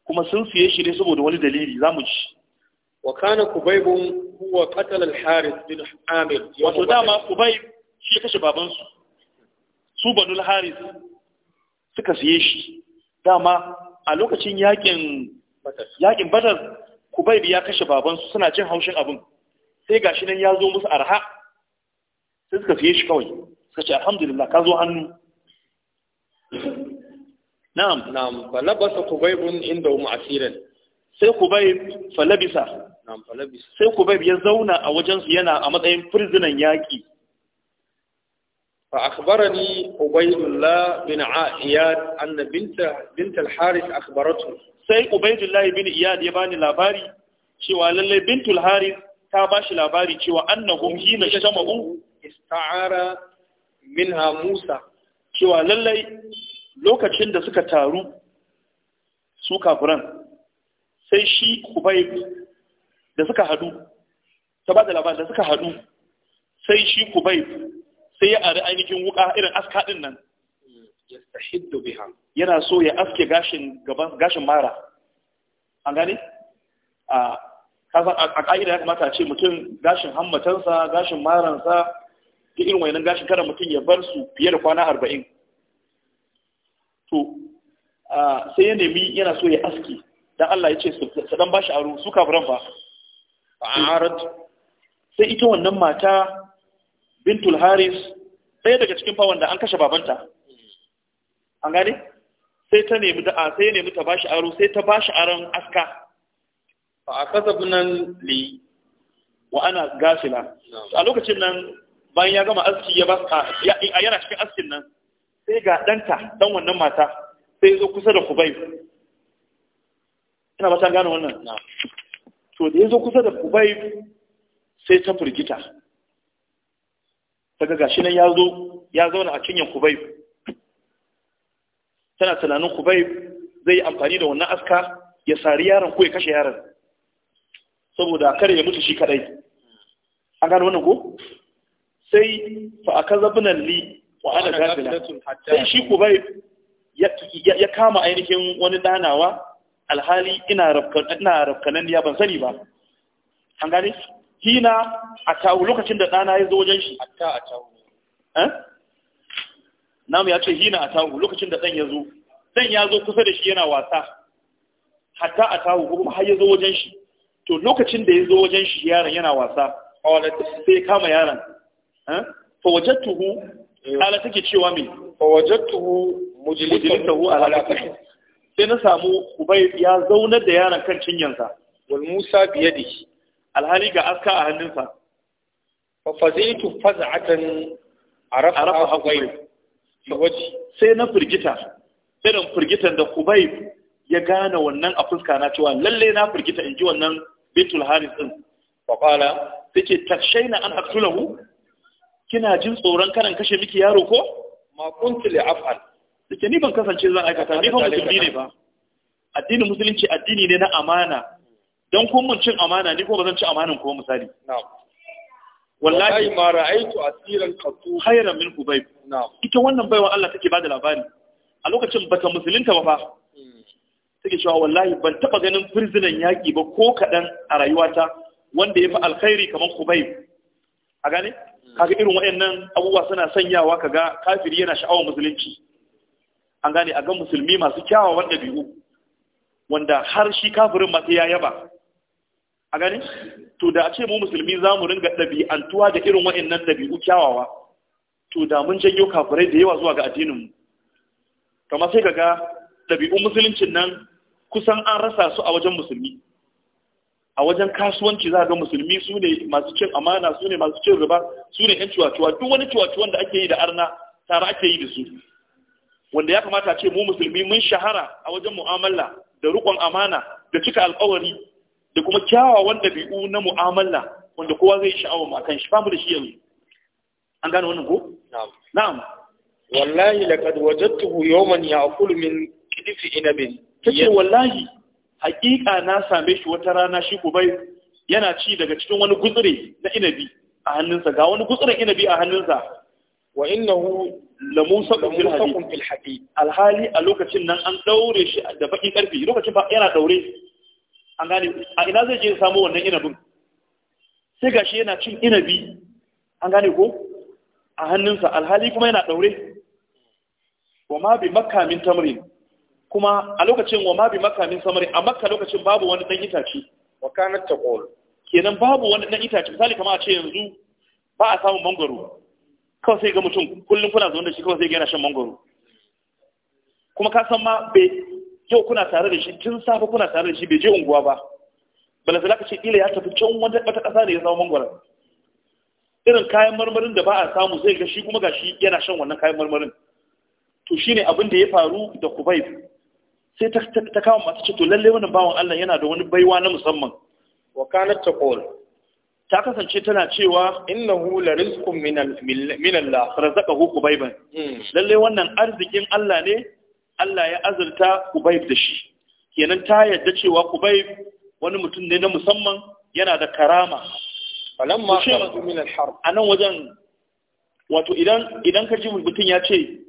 kuma sun siye shi ne saboda wani dalili za mu ci wa kana kubaib huwa qatala al-harith bin amir wato dama kubaib shi ya kashe babansu su al harith suka siye shi dama a lokacin yakin yakin badar kubaib ya kashe babansu suna jin haushin abun sai gashi nan ya zo musu arha sai suka siye shi kawai suka ce alhamdulillah ka zo hannu na'am na'am falabasa kubaybun indahum asiran sai sai kubayb ya zauna a wajen su yana a matsayin firzinan yaki fa akhbarani ubaydullah bin iyad anna binta bint al-harith akhbaratu sai ubaydullah bin iyad ya bani labari cewa lalle bintul harith ta bashi labari cewa annahum hina jama'u ista'ara minha musa cewa lallai lokacin da suka taru su kafiran sai shi kubayb da suka hadu ta ba da labarin da suka hadu sai shi kubayb sai ya ari ainihin wuka irin aska din nan yana so ya aske gashin mara an gane a kasan a ƙa'ida ya kamata a ce mutum gashin hammatansa gashin maransa ta irin wainan gashin kada mutum ya bar su fiye da kwana arba'in to sai ya nemi yana so ya aski dan Allah ya ce su dan bashi aro su kafiran ba fa'arat sai ita wannan mata bintul haris Sai daga cikin fa wanda an kashe babanta an gane sai ta nemi da sai ya nemi ta bashi aro sai ta bashi aron aska fa akasabnan li wa ana gafila a lokacin nan bayan ya gama aski ya ba yana cikin askin nan sai ga ɗanta ɗan wannan mata sai zo kusa da kubai ina bata ta gane wannan to da ya zo kusa da kubai sai ta firgita daga gashi nan ya zo ya zauna a cinyar kubai tana tunanin kubai zai yi amfani da wannan aska ya sari yaron ko ya kashe yaron saboda kare ya mutu shi kadai an gano wannan ko sai fa aka zabinan li wa ana gafilatun sai shi kubai ya kama ainihin wani danawa alhali ina rafkanan ya ban sani ba an gane hina a tawo lokacin da dana ya zo wajen shi eh? namu ya ce hina a tawo lokacin da dan ya zo dan ya zo kusa da shi yana wasa hatta a tawo kuma har ya zo wajen shi to lokacin da ya zo wajen shi yaron yana wasa sai kama yaron eh? fa wajattuhu ala take cewa me fa wajadtuhu mujlisahu ala kafi sai na samu ubay ya zaunar da yaron kan cinyansa wal musa bi alhali ga aska a hannunsa fa fazitu faz'atan arafa hawai fi waji sai na firgita irin firgitan da ubay ya gane wannan a fuska na cewa lalle na firgita in ji wannan bitul haris din fa qala take tashaina an aktulahu kina jin tsoron karan kashe miki yaro ko ma kuntu li af'al dake ni ban kasance zan aikata ni fa musulmi ne ba addinin musulunci addini ne na amana dan kun mun cin amana ni ko ba zan ci amanan ko misali na'am wallahi ma ra'aytu asiran qattu khayran min hubayb na'am ita wannan baiwa Allah take bada labari a lokacin bata musulunta ba fa hmm. take cewa wallahi ban taba ganin prisoner yaki ba ko kadan a rayuwata wanda yafi alkhairi kamar hubayb a gane kaga irin waɗannan abubuwa suna sanyawa kaga kafiri yana sha'awar musulunci an gane a ga musulmi masu kyawawan ɗabi'u wanda har shi kafirin mata ya yaba a gani to da a ce mu musulmi za mu ringa ɗabi'antuwa da irin waɗannan ɗabi'u kyawawa to da mun janyo kafirai da yawa zuwa ga addininmu kamar sai kaga ɗabi'un musuluncin nan kusan an rasa su a wajen musulmi a wajen kasuwanci za a ga musulmi su ne masu cin amana su ne masu cin riba su ne 'yan ciwaciwa duk wani ciwaciwan da ake yi da arna tare ake yi da su wanda ya kamata ce mu musulmi mun shahara a wajen mu'amala da rukon amana da cika alkawari da kuma kyawawan ɗabi'u na mu'amala wanda kowa zai sha'awar makan shi famu da shi yanzu an gane wannan ko na'am wallahi laqad wajadtuhu yawman ya'kulu min kidfi inabin tace wallahi haƙiƙa na same shi wata rana shi kubai yana ci daga cikin wani gutsire na inabi a hannunsa ga wani gutsiren inabi a hannunsa wa innahu lamusaqun fil al alhali a lokacin nan an daure shi da baki karfi lokacin ba yana daure an gane a ina zai je samu wannan inabin sai gashi yana cin inabi an gane ko a hannunsa alhali kuma yana daure wa ma bi makka min tamrin kuma a lokacin wa mabi makamin samari a makka lokacin babu wani dan itace wa kanat taqul kenan babu wani dan itace misali kamar a ce yanzu ba a samun mangoro kawai sai ga mutum kullum kuna zaune da shi kawai sai ga yana shan mangoro kuma ka san ma be yau kuna tare da shi tun safe kuna tare da shi bai je unguwa ba bala sai ka ce ila ya tafi can wata wata kasa ne ya samu mangoro irin kayan marmarin da ba a samu sai ga shi kuma gashi yana shan wannan kayan marmarin to shine abin da ya faru da Kubayb sai ta kama mata ce to lalle wannan bawan Allah yana da wani baiwa na musamman wa kanat taqul ta kasance tana cewa innahu la rizqun min min Allah razaqahu kubayban hmm. lalle wannan arzikin Allah ne Allah ya azurta kubayb da shi kenan ta yadda cewa kubayb wani mutum ne na musamman yana da karama falamma kharaju min al-harb anan wajen wato idan idan ka ji mutum ya ce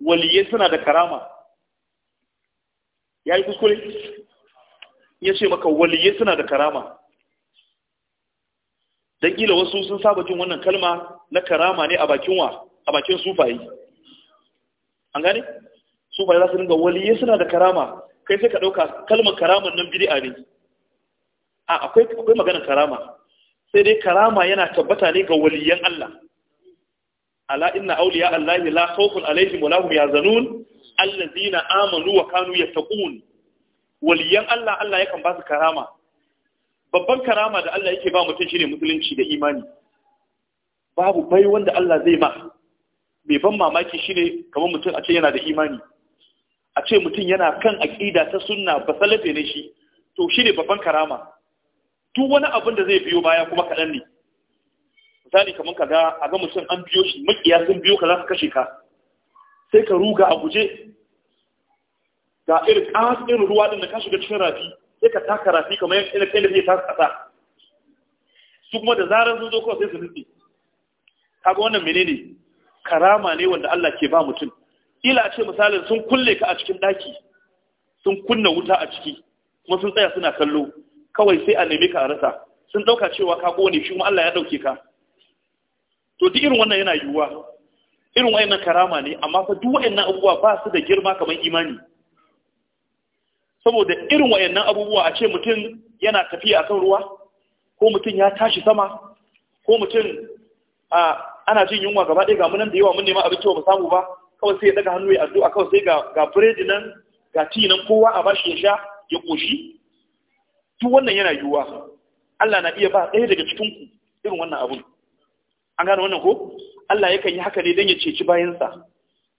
waliyai suna da karama ya yi kuskure ya ce maka waliyyai suna da karama da ƙila wasu sun saba jin wannan kalma na karama ne a bakin wa a bakin sufayi an gane sufayi za su dinga waliyyai suna da karama kai sai ka ɗauka kalmar karama nan a ne a akwai maganar karama sai dai karama yana tabbata ne ga waliyyan Allah ala inna awliya allahi la khawfun alaihim wa lahum yahzanun allazina amanu wa kanu yattaqun waliyan Allah Allah yakan ba su karama babban karama da Allah yake ba mutum shine musulunci da imani babu bai wanda Allah zai ma mai ban mamaki shine kamar mutum a ce yana da imani a ce mutum yana kan aƙida ta sunna ba salafe ne shi to shine babban karama duk wani abin da zai biyo baya kuma kadan ne misali kamar kaga a ga mutum an biyo shi makiya sun biyo ka za kashe ka sai ka ruga a guje ga irin ruwa ɗin da ka shiga cikin rafi sai ka taka rafi kamar yin kai da zai ƙasa su kuma da zarar sun zo kawai sai su nufi kaga wannan menene karama ne wanda Allah ke ba mutum ila ce misalin sun kulle ka a cikin ɗaki sun kunna wuta a ciki kuma sun tsaya suna kallo kawai sai a neme ka a rasa sun ɗauka cewa ka ƙone shi kuma Allah ya ɗauke ka to duk irin wannan yana yiwuwa irin wayannan karama ne amma fa duk wayannan abubuwa ba su da girma kamar imani saboda irin wayannan abubuwa a ce mutum yana tafiya akan ruwa ko mutum ya tashi sama ko mutum a ana jin yunwa gaba ɗaya ga munan da yawa mun nema abinci ba mu samu ba kawai sai ya daga hannu ya addu'a kawai sai ga ga biredi nan ga ti nan kowa a bashi ya sha ya koshi duk wannan yana yiwuwa Allah na iya ba ɗaya daga cikin ku irin wannan abun an gane wannan ko Allah yakan yi haka ne don ya ceci bayansa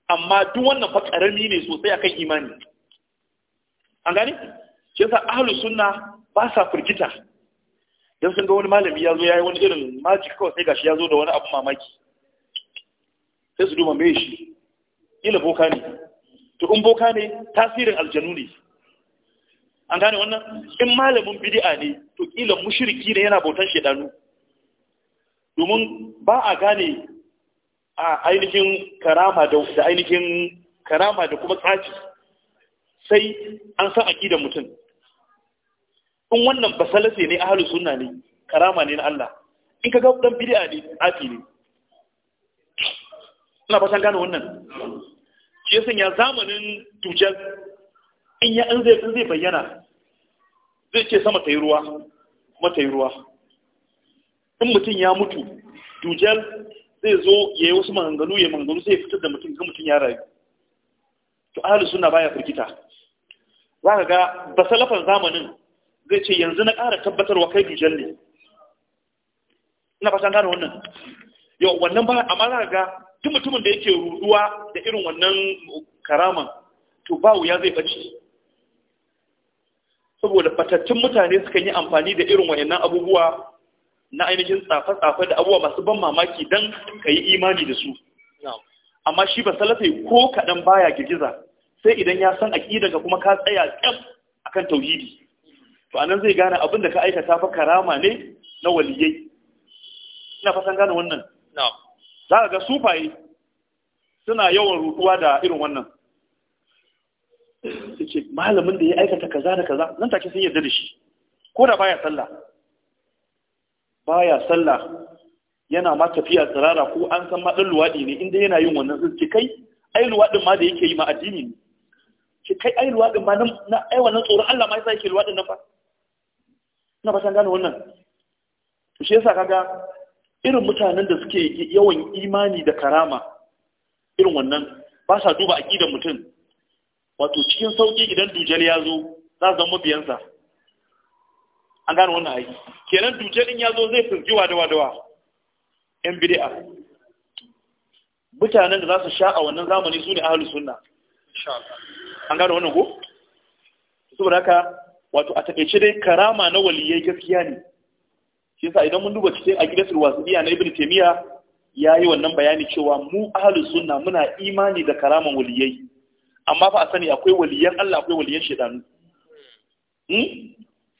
amma duk wannan fa ƙarami ne sosai akan imani an gane shi yasa ahlu sunna ba sa firgita Don sun ga wani malami ya zo ya yi wani irin magic kawai sai gashi ya zo da wani abu mamaki sai su duba mai shi ila boka ne to in boka ne tasirin aljanu ne an gane wannan in malamin bid'a ne to kila mushriki ne yana bautan shaidanu. domin ba a gane a ainihin karama da ainihin karama da kuma tsaci sai an san aƙidan mutum in wannan basalase ne a halin sunna ne karama ne na Allah in ka ga dan bid'a ne afi ne ina fatan gane wannan shi ya ya zamanin tujal in ya an zai zai bayyana zai ce sama tayi ruwa kuma tayi ruwa in mutum ya mutu tujal zai zo ya yi wasu maganganu ya maganganu sai ya fitar da mutum kan mutum ya rayu to ahalus suna baya firgita za ka ga basalafan zamanin zai ce yanzu na ƙara tabbatarwa kai dujal ne ina fatan gane wannan yau wannan ba amma za ka ga duk mutumin da yake ruduwa da irin wannan karaman to ba wuya zai bace saboda fatattun mutane suka yi amfani da irin wayannan abubuwa na ainihin tsafe-tsafe da abubuwa masu ban mamaki don ka yi imani da su amma shi ba salafai ko kaɗan baya girgiza sai idan ya san aƙida ka kuma ka tsaya ƙyam kan tauhidi to anan zai gane abin da ka aikata fa karama ne na waliyai ina fasan gane wannan za ka ga sufaye suna yawan rutuwa da irin wannan Sai ce malamin da ya aikata kaza da kaza nan take sun yarda da shi ko da baya sallah baya sallah yana ma tafiya tsirara ko an san ma dan luwadi ne inda yana yin wannan sun kai ai luwadin ma da yake yi ma addini ne ce kai ai luwadin ma na ai wannan tsoro, Allah ma yasa yake luwadin na fa ina fatan gane wannan to shi yasa kaga irin mutanen da suke yawan imani da karama irin wannan ba sa duba aƙidar mutum wato cikin sauƙi idan dujal ya zo za su zama mabiyansa an gane wannan aiki kenan duke din ya zo zai fizgi wadawa-dawa yan bidi'a mutanen da za su sha a wannan zamani su ne ahalus sunna an gane wannan ko saboda haka wato a takeice dai karama na waliyai gaskiya ne shi yasa idan mun duba cikin aqidatul wasiliya na ibnu taymiya yayi wannan bayani cewa mu ahlus sunna muna imani da karaman waliyai amma fa a sani akwai waliyan Allah akwai waliyan shedanu hmm. hmm?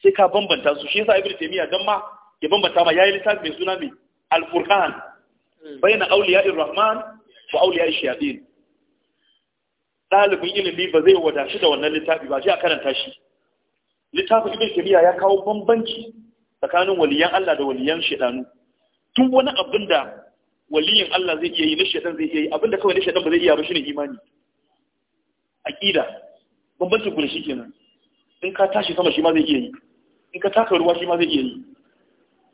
sai ka bambanta su shi yasa ibn taymiya dan ma ya bambanta ma yayi littafi mai suna mai al-furqan hmm. bayna awliya'ir rahman wa awliya'ish shayatin dalibin ilimi ba zai wadashi da wannan littafi ba sai a karanta shi littafin ibn taymiya ya kawo bambanci tsakanin waliyan Allah da waliyan shaytanu tun wani abin da waliyin Allah zai iya yi na shaytan zai iya yi abin da kawai na shedan ba zai iya ba shine imani aqida bambancin ku da shi kenan in ka tashi sama shi ma zai iya yi in ka taka ruwa shi ma zai iya yi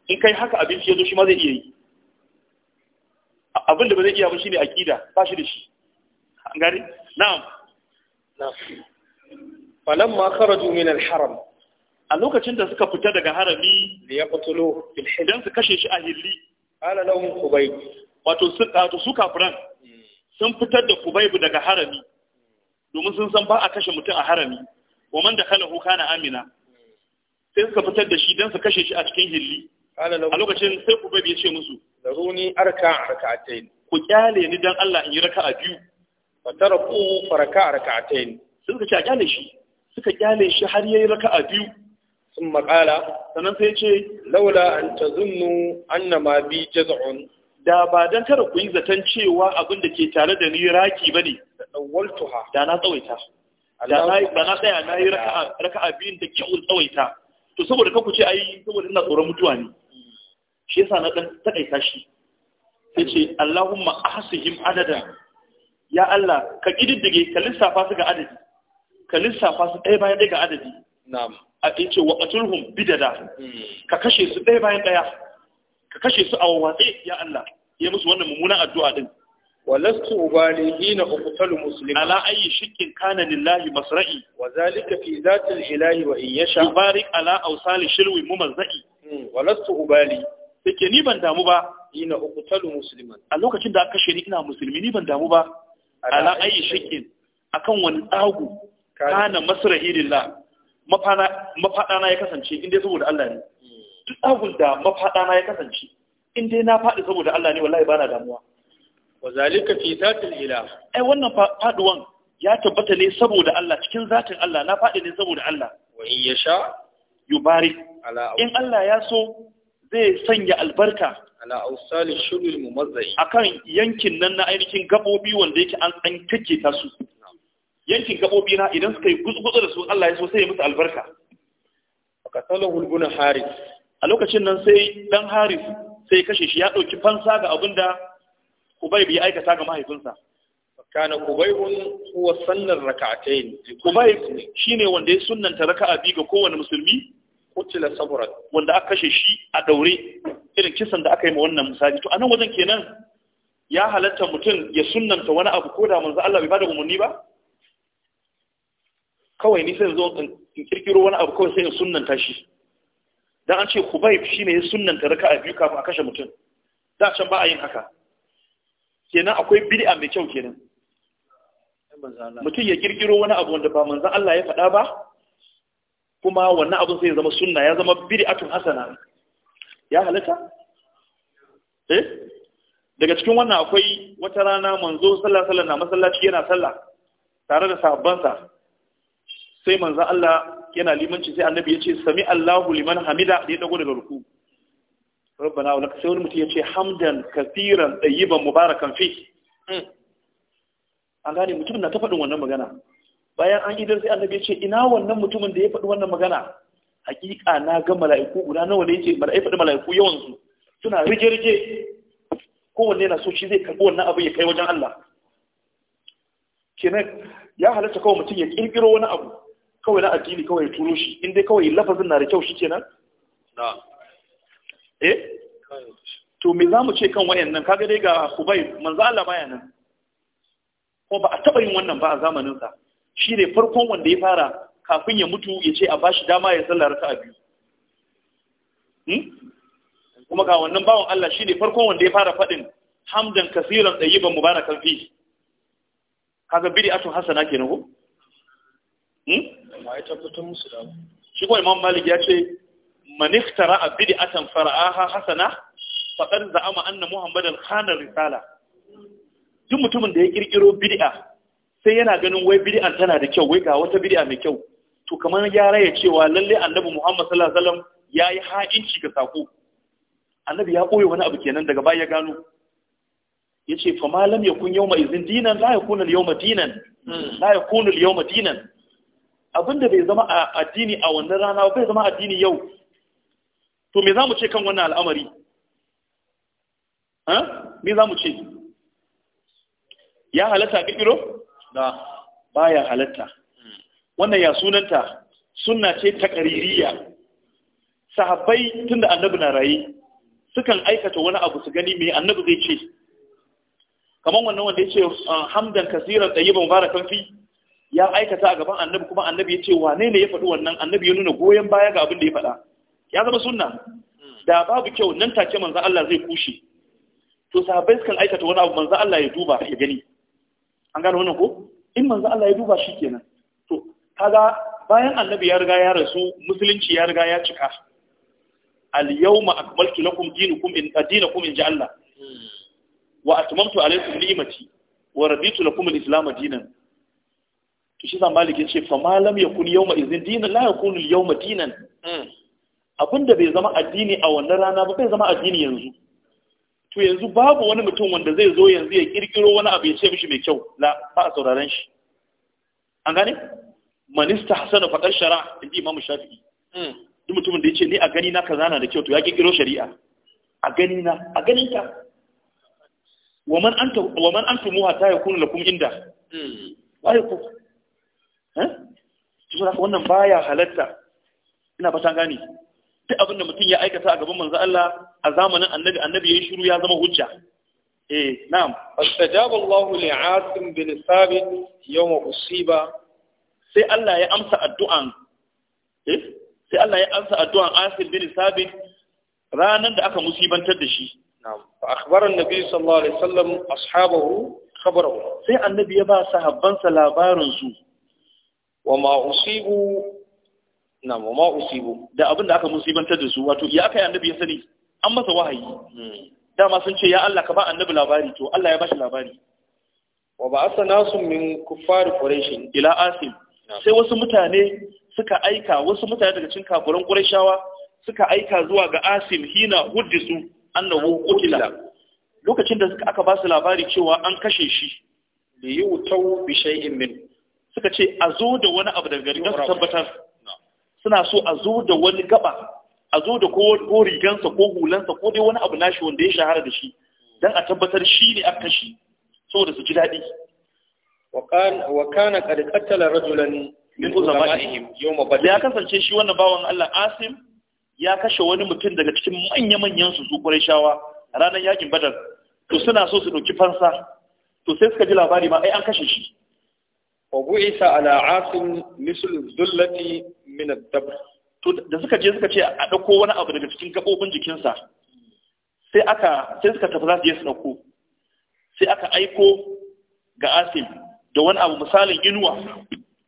in kai haka abinci ya zo shi ma zai iya yi abin da ba zai iya ba shine akida ba shi da shi an gari na'am Falon ma kharaju min al-haram a lokacin da suka fita daga harami da ya fitulo idan su kashe shi a hilli ala lahum kubayb wato su wato su kafiran hmm. sun fitar da kubayb daga harami hmm. domin sun san ba a kashe mutum a harami wa man dakhalahu kana amina sai suka fitar da shi dan su kashe shi a cikin hilli a lokacin sai ku bai ce musu daruni arka arkatain ku kyale ni dan Allah in yi raka'a biyu fataraku faraka arkatain sun ka kyale shi suka kyale shi har yayi raka'a biyu sun maƙala sannan sai ce laula an tazunnu annama bi jaz'un da ba don kada ku zaton cewa abin da ke tare da ni raki ba ne da na tsawaita da na tsaya na yi raka'a biyun da kyau tsawaita to saboda kanku ce ai saboda ina tsoron mutuwa ne shi yasa na dan takaita shi sai ce Allahumma ahsihim adada? ya Allah ka kididdige ka lissafa su ga adadi ka lissafa su ɗaya bayan ɗaya ga adadi na'am a ce wa qatulhum bidada hmm. ka kashe su ɗaya bayan ɗaya ka kashe su a wawatse ya Allah ya musu wannan mummunan addu'a din ولست أبالي حين أقتل مسلما على أي شك كان لله مصرعي وذلك في ذات الإله وإن يشاء يبارك على أوصال شلو ممزعي ولست أبالي take ni ban damu ba ina uqtalu musliman a lokacin da aka kashe ni ina musulmi ban damu ba ala ayi shakin akan wani tsagu kana masrahi lillah mafana mafadana ya kasance in dai saboda Allah ne hmm. duk tsagun da mafadana ya kasance in dai na faɗi saboda Allah ne wallahi bana damuwa Wazalika fi zatil ilah ai wannan faduwan ya tabbata ne saboda Allah cikin zatin Allah na faɗi ne saboda Allah wa in yasha yubarik ala in Allah ya so zai sanya albarka ala ausali shurul mumazzai akan yankin nan na ainihin gabobi wanda yake an an kake ta su yankin gabobi na idan suka yi gutsu da su Allah ya so sai ya musu albarka fakasalahu ibn haris a lokacin nan sai dan haris sai kashe shi ya dauki fansa ga abinda Kubai bai aikata ga mahaifinsa kana kubaihun huwa sannan raka'atayn kubai shine wanda ya sunnanta raka'a biyu ga kowane musulmi kutila sabran wanda aka kashe shi a daure irin kisan da aka yi ma wannan misali to anan wajen kenan ya halatta mutum ya sunnanta wani abu ko da manzo Allah bai bada umarni ba kawai ni sai zo in kirkiro wani abu kawai sai in sunnanta shi dan an ce shi shine ya sunnanta raka'a biyu kafin a kashe mutum da can ba a yin haka kenan akwai bid'a mai kyau kenan mutum ya kirkiro wani abu wanda ba manzan Allah ya faɗa ba kuma wannan abun sai ya zama sunna ya zama bid'atun hasana ya halitta eh daga cikin wannan akwai wata rana manzo sallallahu alaihi na masallaci yana sallah tare da sa sai manzan Allah yana limanci sai annabi ya ce sami Allahu liman hamida da ya dago daga ruku rabbana wa sai wani mutum ya ce hamdan kasiran tsayiban mubarakan fi an gane mutumin na ta faɗin wannan magana bayan an idan sai annabi ya ce ina wannan mutumin da ya faɗi wannan magana hakika na ga mala'iku guda nawa ne yace mala'iku faɗi mala'iku yawan su suna rije rige kowanne na so shi zai karɓi wannan abu ya kai wajen Allah kenan ya halatta kawai mutum ya kirkiro wani abu kawai na addini kawai ya turo shi in dai kawai lafazin na da kyau shi kenan na'am eh to me za mu ce kan wayannan kaga dai ga Kubayb manzo Allah baya nan ko ba a taba yin wannan ba a zamanin sa shine farkon wanda ya fara kafin ya mutu ya ce a bashi dama ya sallar raka'a biyu hmm? kuma ga wannan bawan Allah shine farkon wanda ya fara fadin hamdan kasiran tayyiban mubarakan fi kaga bid'atun hasana kenan ko hmm? amma ya tabbatar musu da shi ko Imam Malik ya ce من افترى بدعه فرعاها حسنه فقد زعم ان muhammadan خان risala duk mutumin da ya kirkiro bid'a sai yana ganin wai bid'an tana da kyau wai ga wata bid'a mai kyau to kamar ya cewa lalle annabi muhammad sallallahu alaihi wasallam yayi ha'inci ga sako annabi ya koyo wani abu kenan daga baya ya gano yace fa malam yakun yawma izin dinan la yakunu al yawma dinan hmm. la yakunu al yawma dinan abinda bai zama addini a wannan rana bai zama addini yau to me za mu ce kan wannan al'amari me za mu ce ya halatta ƙirƙiro da baya halatta wannan ya sunanta suna ce ta ƙaririya sahabbai tun da annabi na raye sukan aikata wani abu su gani mai annabi zai ce kamar wannan wanda ya ce ah, hamdan kasiran ɗayi ban fara kamfi? ya aikata a gaban annabi kuma annabi ya ce wane ne ya faɗi wannan annabi ya nuna goyon baya ga abin da ya faɗa ya zama sunna da babu kyau nan take manzo Allah zai kushe to sahabbai suka aikata wani abu manzo Allah ya duba ya gani an gano wannan ko in manzo Allah ya duba shi kenan to kaga bayan annabi ya riga ya rasu musulunci ya riga ya cika al yawma akmaltu lakum dinukum in dinakum in Allah. wa atmamtu alaykum ni'mati wa raditu lakum al islam dinan to shi zan malik yace fa malam yakun yawma idhin dinan la yakun al yawma dinan hmm. abin da bai zama addini a wannan rana ba bai zama addini yanzu to yanzu babu wani mutum wanda zai zo yanzu ya kirkiro wani abu ya ce mishi mai kyau la ba a sauraren shi an gane manista hasana faɗar shara inji imamu shafi'i hmm. duk mutumin da ya ce ni a gani na kaza na da kyau to ya kirkiro shari'a a gani na a gani ka wa man anta wa man antum muha ta yakunu lakum inda hmm. wai ku eh to wannan baya halatta ina fatan gani duk abin da mutum ya aikata a gaban manzo Allah a zamanin annabi annabi yayin shiru ya zama hujja eh na'am fastajaba Allah li Asim bin Thabit yawm usiba sai Allah ya amsa addu'an eh sai Allah ya amsa addu'an Asim bin Thabit ranan da aka musibantar da shi na'am fa akhbara an-nabi sallallahu alaihi wasallam ashabahu khabarahu sai annabi ya ba sahabbansa labarin su wa ma usibu na usibu da abin da aka musibantar da su wato ya aka yi annabi ya sani an masa wahayi dama sun ce ya Allah ka ba annabi labari to Allah ya bashi labari wa ba asana sun min kuffar quraish ila asim sai wasu mutane suka aika wasu mutane daga cikin kafiran qurayshawa suka aika zuwa ga asim hina huddisu annahu qutila lokacin da suka aka ba su labari cewa an kashe shi da yi wutau bi shay'in min suka ce a zo da wani abu daga garin su tabbatar suna so a zo da wani gaba a zo da ko rigansa ko hulansa ko dai wani abu nashi wanda ya shahara da shi dan a tabbatar shi ne aka shi saboda su ji daɗi wa kana qad qatala rajulan min ulama'ihim yawm badr ya kasance shi wannan bawan Allah Asim ya kashe wani mutum daga cikin manya-manyan su su Qurayshawa ranar yakin Badar to suna so su dauki fansa to sai suka ji labari ma ai an kashe shi wa bu'isa ala asim misl zullati min ad-dabr to da suka je suka ce a dauko wani abu daga cikin gabobin jikinsa sai aka sai suka tafi za su je su dauko sai aka aiko ga asim da wani abu misalin inuwa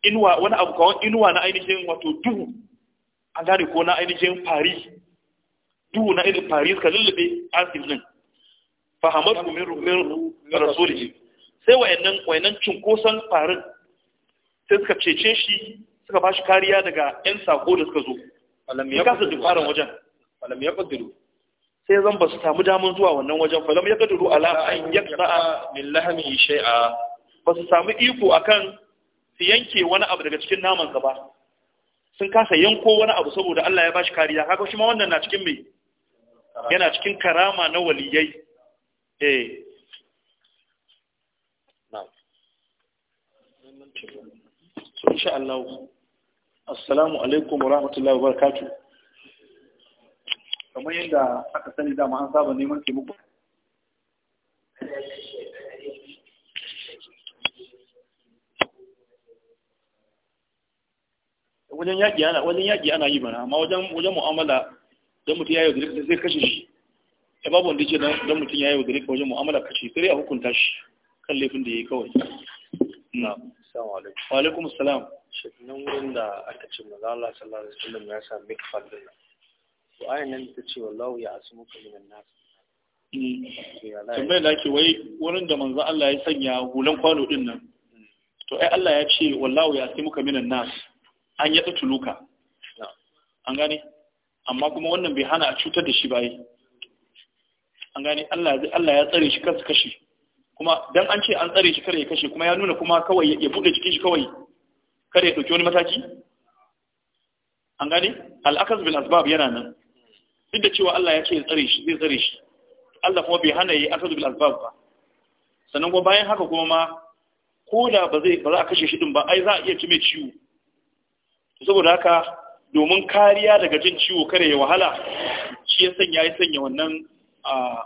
inuwa wani abu kawai inuwa na ainihin wato duhu an gane ko na ainihin paris duhu na irin paris ka lullube asim din fahamar min min rasulihi sai wayannan wayannan cunkoson farin sai suka cece shi suka ba shi kariya daga 'yan sako da suka zo kasa wajen sai zan ba su samu damun zuwa wannan wajen falam ya kadduru ala an yaqta min lahmi shay'a ba su samu iko akan su yanke wani abu daga cikin naman ka ba sun kasa yanko wani abu saboda Allah ya ba shi kariya kaga shi ma wannan na cikin mai. yana cikin karama na waliyai eh na'am so insha Allah assalamu alaikum wa rahmatullahi wa barakatuh kamar yadda aka sani dama an saba neman taimako wajen yaƙi ana wajen yaƙi ana yi bana amma wajen wajen mu'amala don mutum ya yi wadda zai kashe shi ya babu wanda ce don mutum ya yi wadda wajen mu'amala kashe sai ya hukunta shi kan laifin da ya yi kawai na Assalamu alaikum. Wa alaikum assalam. Nan wurin da aka ce maza Allah sallallahu alaihi wasallam ya sa mikfal din nan. To ayan nan ta ce wallahu ya asmu ka minan nas. Mm. Tambayar da ake wai wurin da manzo Allah ya sanya hulan kwano dinnan. nan. Mm. To ai Allah ya ce wallahu ya asmu ka minan nas. An yi tsutuluka. An gane? Amma kuma wannan bai hana a cutar da shi ba yi. An gane Allah ya tsare shi kansa kashi. kuma dan an ce an tsare shi kare ya kashe kuma ya nuna kuma kawai ya bude jikin shi kawai kare ya dauki wani mataki an gane al'akas bil asbab yana nan duk da cewa Allah ya ce ya tsare shi zai tsare shi Allah kuma bai hana yi akas bil asbab ba sannan kuma bayan haka kuma ma ko da ba zai ba za a kashe shi din ba ai za a iya ci mai ciwo saboda haka domin kariya daga jin ciwo kare ya wahala shi ya sanya ya sanya wannan ah,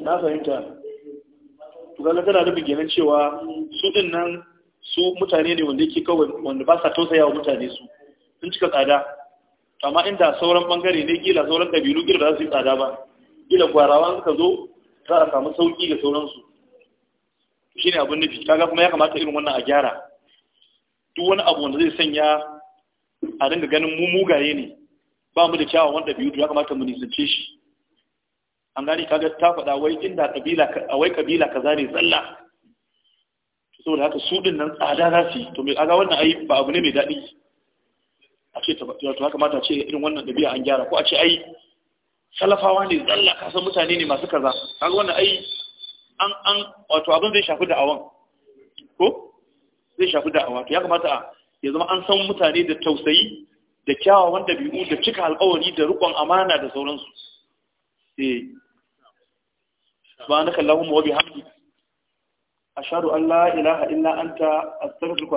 na fahimta tukana tana da kenan cewa su din nan su mutane ne wanda yake kawai wanda ba sa tausaya wa mutane su sun cika tsada amma inda sauran bangare ne gila sauran kabilu gila ba za su yi tsada ba gila gwarawa suka zo za a samu sauki ga sauransu shi ne abin nufi kaga kuma ya kamata irin wannan a gyara duk wani abu wanda zai sanya a dinga ganin mu mugaye ne ba mu da kyawawan ɗabi'u ya kamata mu nisance shi an gani kaga ta faɗa wai inda kabila a wai kabila kaza ne zalla saboda haka su din nan tsada za su to me kaga wannan ai ba abu ne mai daɗi a ce to haka mata ce irin wannan ɗabi'a an gyara ko a ce ai salafawa ne zalla kasan mutane ne masu kaza kaga wannan ai an an wato abin zai shafi da'awan ko zai shafi da'awa to ya kamata ya zama an san mutane da tausayi da kyawawan dabi'u da cika alƙawari da rukon amana da sauransu eh subhanakallahumma wa bihamdika ashhadu an la ilaha illa anta